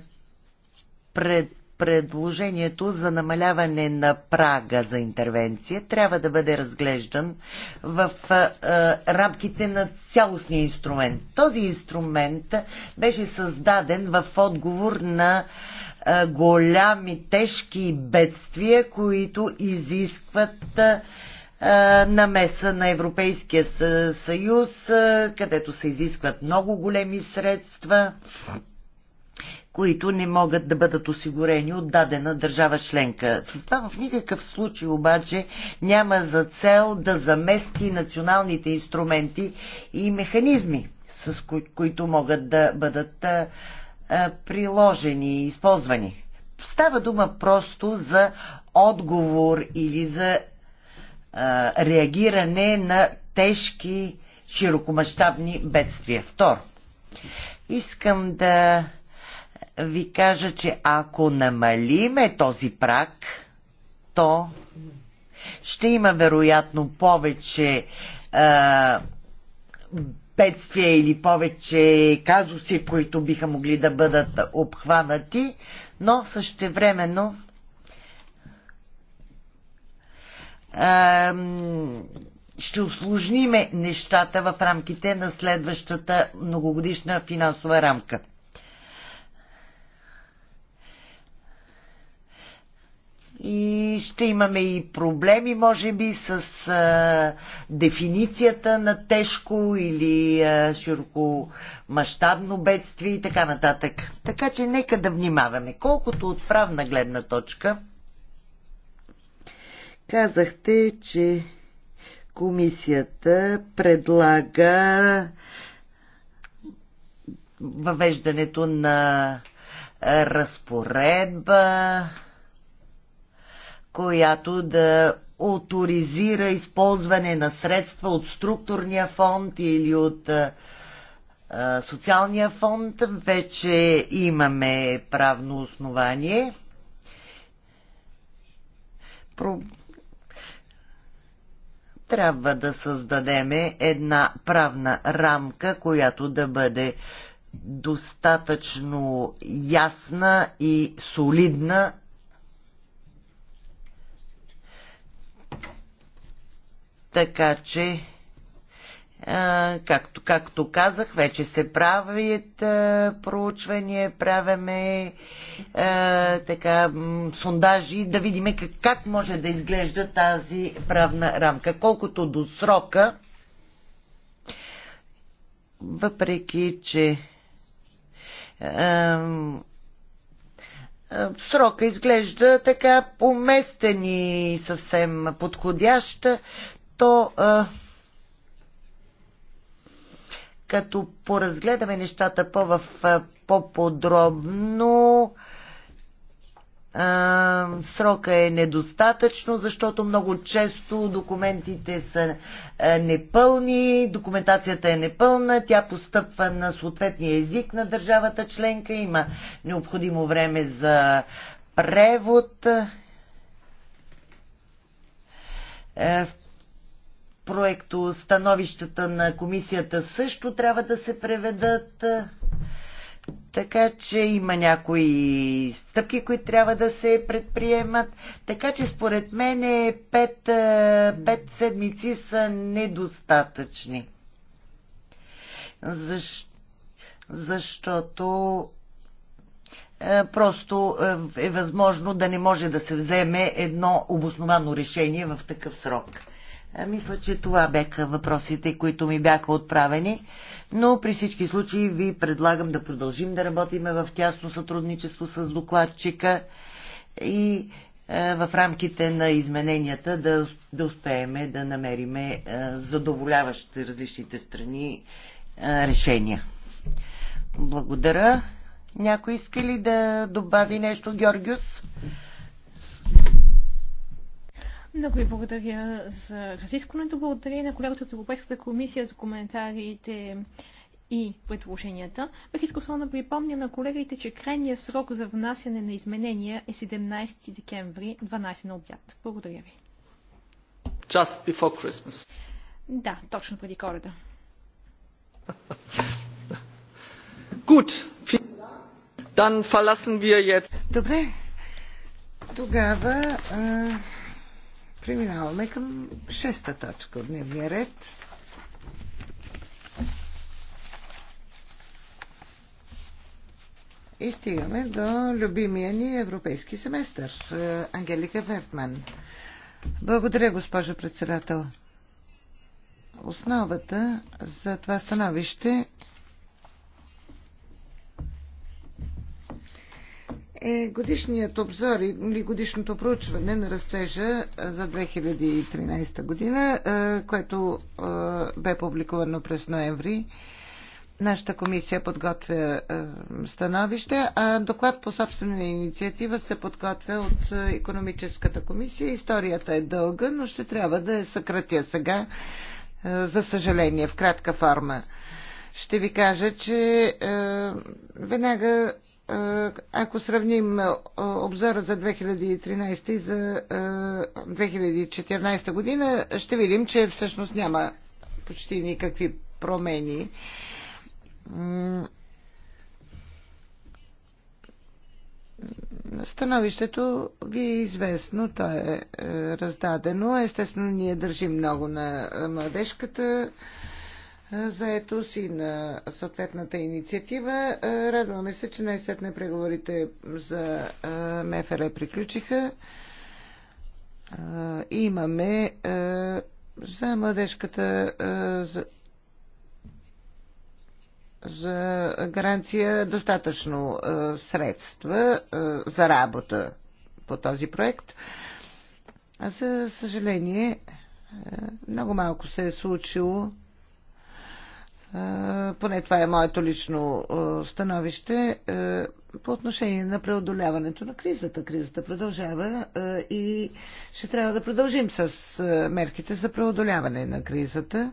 Speaker 1: пред предложението за намаляване на прага за интервенция трябва да бъде разглеждан в а, рамките на цялостния инструмент. Този инструмент беше създаден в отговор на а, голями тежки бедствия, които изискват а, намеса на Европейския съюз, където се изискват много големи средства които не могат да бъдат осигурени от дадена държава членка. Това в никакъв случай обаче няма за цел да замести националните инструменти и механизми, с кои, които могат да бъдат а, а, приложени и използвани. Става дума просто за отговор или за а, реагиране на тежки широкомащабни бедствия. Второ, искам да ви кажа, че ако намалиме този прак, то ще има вероятно повече а, бедствия или повече казуси, които биха могли да бъдат обхванати, но същевременно а, ще усложниме нещата в рамките на следващата многогодишна финансова рамка. И ще имаме и проблеми, може би, с а, дефиницията на тежко или а, широко мащабно бедствие и така нататък. Така че нека да внимаваме. Колкото от правна гледна точка, казахте, че комисията предлага въвеждането на разпоредба, която да авторизира използване на средства от структурния фонд или от социалния фонд. Вече имаме правно основание. Про... Трябва да създадеме една правна рамка, която да бъде достатъчно ясна и солидна Така че, както, както казах, вече се правят проучвания, правяме така, сондажи, да видим как, как може да изглежда тази правна рамка. Колкото до срока, въпреки че срока изглежда така поместен и съвсем подходяща, като като поразгледаме нещата по-в, по-подробно, срока е недостатъчно, защото много често документите са непълни, документацията е непълна, тя постъпва на съответния език на държавата членка, има необходимо време за превод. Е, проекто становищата на комисията също трябва да се преведат. Така че има някои стъпки, които трябва да се предприемат. Така че според мен пет е, пет седмици са недостатъчни. Защо? Защото е, просто е, е възможно да не може да се вземе едно обосновано решение в такъв срок. Мисля, че това бяха въпросите, които ми бяха отправени, но при всички случаи ви предлагам да продължим да работим в тясно сътрудничество с докладчика и в рамките на измененията да, да успеем да намерим задоволяващи различните страни решения. Благодаря. Някой иска ли да добави нещо, Георгиус?
Speaker 3: Много ви благодаря за разискването. Благодаря на колегата от Европейската комисия за коментарите и предложенията. Бих искал само да припомня на колегите, че крайният срок за внасяне на изменения е 17 декември, 12 на обяд. Благодаря ви.
Speaker 2: Just before Christmas.
Speaker 3: Да, точно преди коледа.
Speaker 2: Good. [LAUGHS] Dann verlassen wir jetzt.
Speaker 1: Добре. Тогава а Преминаваме към шеста точка от дневния ред. И стигаме до любимия ни европейски семестър. Е, Ангелика Вертман. Благодаря, госпожо председател. Основата за това становище е годишният обзор или годишното проучване на растежа за 2013 година, което бе публикувано през ноември. Нашата комисия подготвя становище, а доклад по собствена инициатива се подготвя от економическата комисия. Историята е дълга, но ще трябва да я съкратя сега, за съжаление, в кратка форма ще ви кажа, че е, веднага е, ако сравним е, обзора за 2013 и за 2014 е, година, ще видим, че всъщност няма почти никакви промени. Становището ви е известно, то е раздадено. Естествено, ние държим много на младежката заетост и на съответната инициатива. Е, радваме се, че най-сетне преговорите за е, МФР е приключиха. Имаме за младежката за, за гаранция достатъчно средства за работа по този проект. За съжаление, много малко се е случило поне това е моето лично становище, по отношение на преодоляването на кризата. Кризата продължава и ще трябва да продължим с мерките за преодоляване на кризата.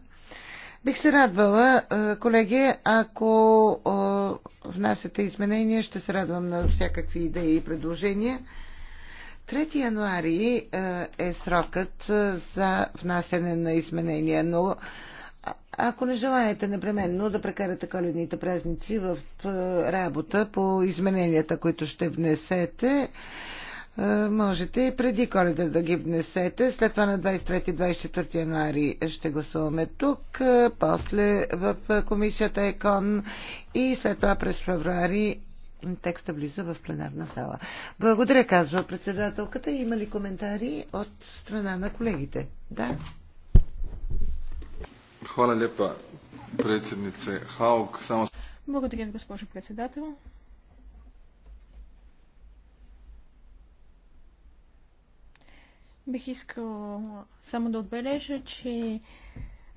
Speaker 1: Бих се радвала, колеги, ако внасяте изменения, ще се радвам на всякакви идеи и предложения. 3 януари е срокът за внасяне на изменения, но ако не желаете непременно да прекарате коледните празници в е, работа по измененията, които ще внесете, е, можете и преди коледа да ги внесете. След това на 23-24 януари ще гласуваме тук, е, после в комисията ЕКОН и след това през февруари, текста влиза в пленарна сала. Благодаря, казва председателката. Има ли коментари от страна на колегите? Да.
Speaker 2: Хвала лепа, председнице Хаук. Само...
Speaker 3: Благодаря ви, госпожо председател. Бих искал само да отбележа, че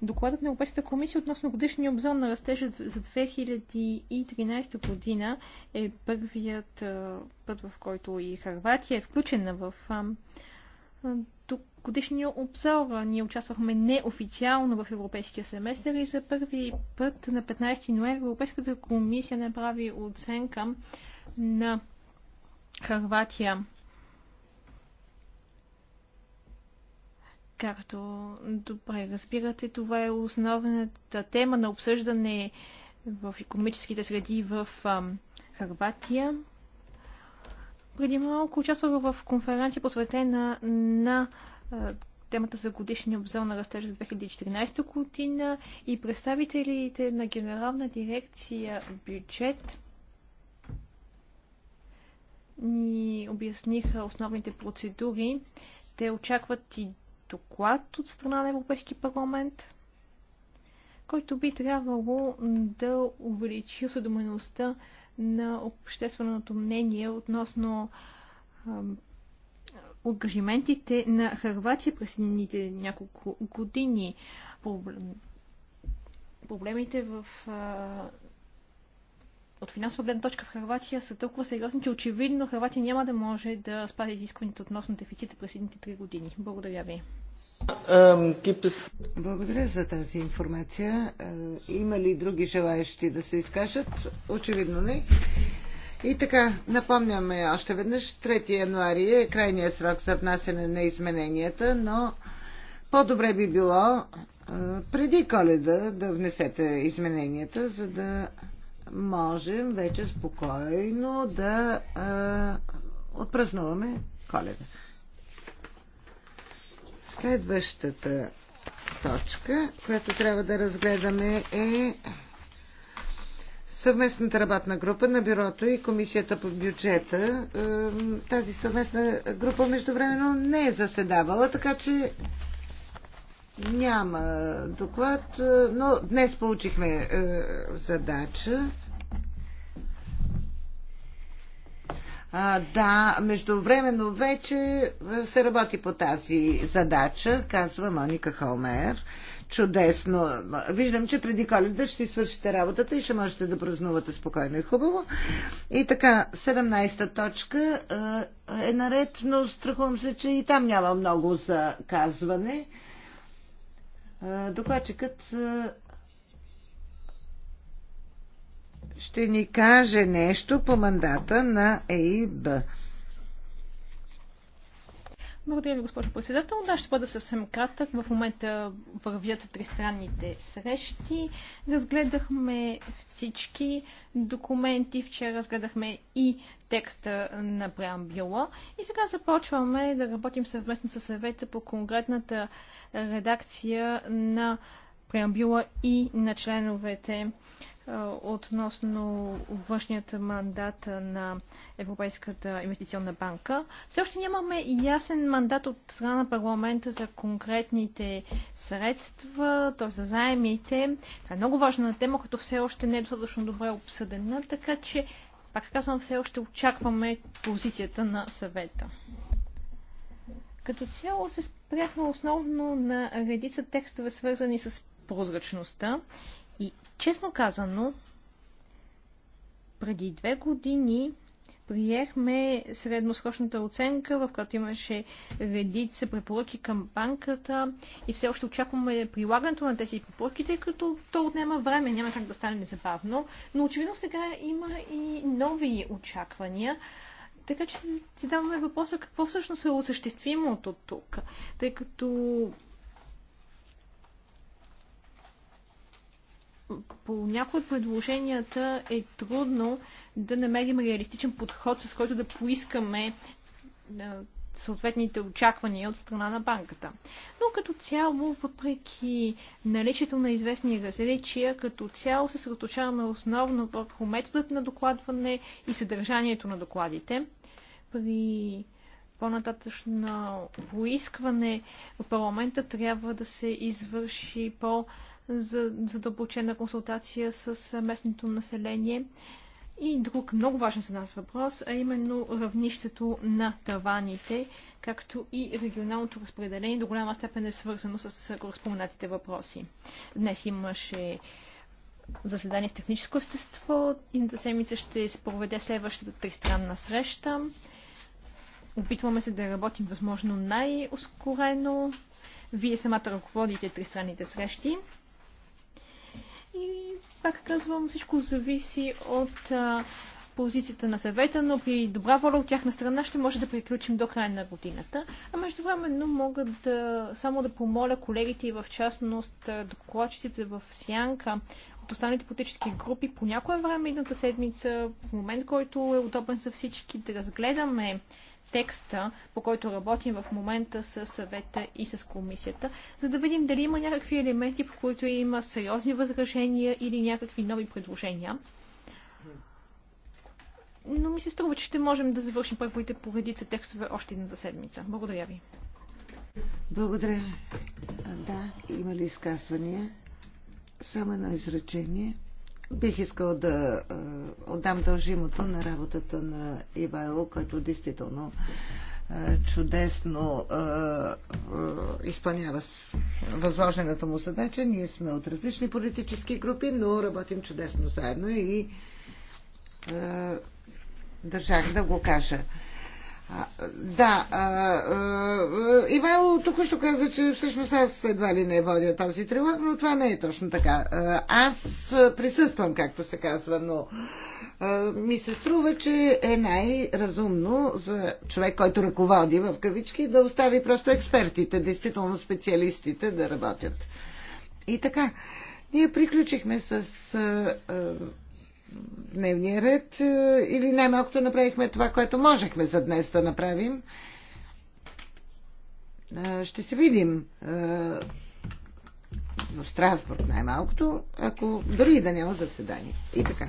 Speaker 3: Докладът на Европейската комисия относно годишния обзор на растежа за 2013 година е първият път, в който и Харватия е включена в годишния обзор. Ние участвахме неофициално в европейския семестър и за първи път на 15 ноември Европейската комисия направи оценка на Харватия. Както добре разбирате, това е основната тема на обсъждане в економическите среди в Харватия. Преди малко участвах в конференция посветена на темата за годишния обзор на растеж за 2014 година и представителите на Генерална дирекция бюджет ни обясниха основните процедури. Те очакват и доклад от страна на Европейски парламент, който би трябвало да увеличи осъдомеността на общественото мнение относно ангажиментите на Харватия през едните няколко години. Проблемите в от финансова гледна точка в Харватия са толкова сериозни, че очевидно Харватия няма да може да спази изискването относно дефицита през едните три години. Благодаря ви.
Speaker 1: Благодаря за тази информация. Е, има ли други желаящи да се изкажат? Очевидно не. И така, напомняме още веднъж, 3 януари е крайният срок за внасяне на измененията, но по-добре би било преди коледа да внесете измененията, за да можем вече спокойно да отпразнуваме коледа. Следващата точка, която трябва да разгледаме е съвместната работна група на бюрото и комисията по бюджета. Тази съвместна група междувременно не е заседавала, така че няма доклад, е, но днес получихме е, задача. А, да, междувременно вече се работи по тази задача, казва Моника Холмер. Чудесно. Виждам, че преди коледа ще си свършите работата и ще можете да празнувате спокойно и хубаво. И така, 17-та точка е, е наред, но страхувам се, че и там няма много за казване. Е, докладчикът е, ще ни каже нещо по мандата на ЕИБ.
Speaker 3: Благодаря ви, госпожо председател. Да, ще бъда съвсем кратък. В момента вървят тристранните срещи. Разгледахме всички документи. Вчера разгледахме и текста на преамбюла. И сега започваме да работим съвместно с съвета по конкретната редакция на преамбюла и на членовете относно външният мандат на Европейската инвестиционна банка. Все още нямаме ясен мандат от страна на парламента за конкретните средства, т.е. за заемите. Това е много важна тема, като все още не е достатъчно добре обсъдена, така че, пак казвам, все още очакваме позицията на съвета. Като цяло се спряхме основно на редица текстове, свързани с прозрачността и честно казано, преди две години приехме средносрочната оценка, в която имаше редица препоръки към банката и все още очакваме прилагането на тези препоръки, тъй като то отнема време, няма как да стане незабавно, но очевидно сега има и нови очаквания. Така че си даваме въпроса какво всъщност е осъществимото тук, тъй като по някои от предложенията е трудно да намерим реалистичен подход, с който да поискаме съответните очаквания от страна на банката. Но като цяло, въпреки наличието на известни различия, като цяло се съсредоточаваме основно върху методът на докладване и съдържанието на докладите. При по-нататъчно поискване в парламента трябва да се извърши по- за задълбочена консултация с местното население. И друг много важен за нас въпрос, а именно равнището на таваните, както и регионалното разпределение до голяма степен е свързано с разпоменатите въпроси. Днес имаше заседание с техническо естество. Идната седмица ще се проведе следващата тристранна среща. Опитваме се да работим възможно най-ускорено. Вие самата ръководите тристранните срещи. И пак казвам, всичко зависи от а, позицията на съвета, но при добра воля от тяхна страна ще може да приключим до края на годината. А междувременно мога да, само да помоля колегите и в частност докладчиците в Сянка от останалите политически групи по някое време едната седмица, в момент, който е удобен за всички, да разгледаме текста, по който работим в момента с съвета и с комисията, за да видим дали има някакви елементи, по които има сериозни възражения или някакви нови предложения. Но ми се струва, че ще можем да завършим първите поредица текстове още едната седмица. Благодаря ви.
Speaker 1: Благодаря. Да, има ли изказвания? Само едно изречение. Бих искал да отдам дължимото на работата на Ивайло, който действително чудесно изпълнява възложената му задача. Ние сме от различни политически групи, но работим чудесно заедно и държах да го кажа. Да, Ивайло току-що каза, че всъщност аз едва ли не водя този тревог, но това не е точно така. Аз присъствам, както се казва, но ми се струва, че е най-разумно за човек, който ръководи в кавички, да остави просто експертите, действително специалистите да работят. И така, ние приключихме с дневния ред е, или най-малкото направихме това, което можехме за днес да направим. Е, ще се видим е, в Страсбург най-малкото, ако дори да няма заседание. И така.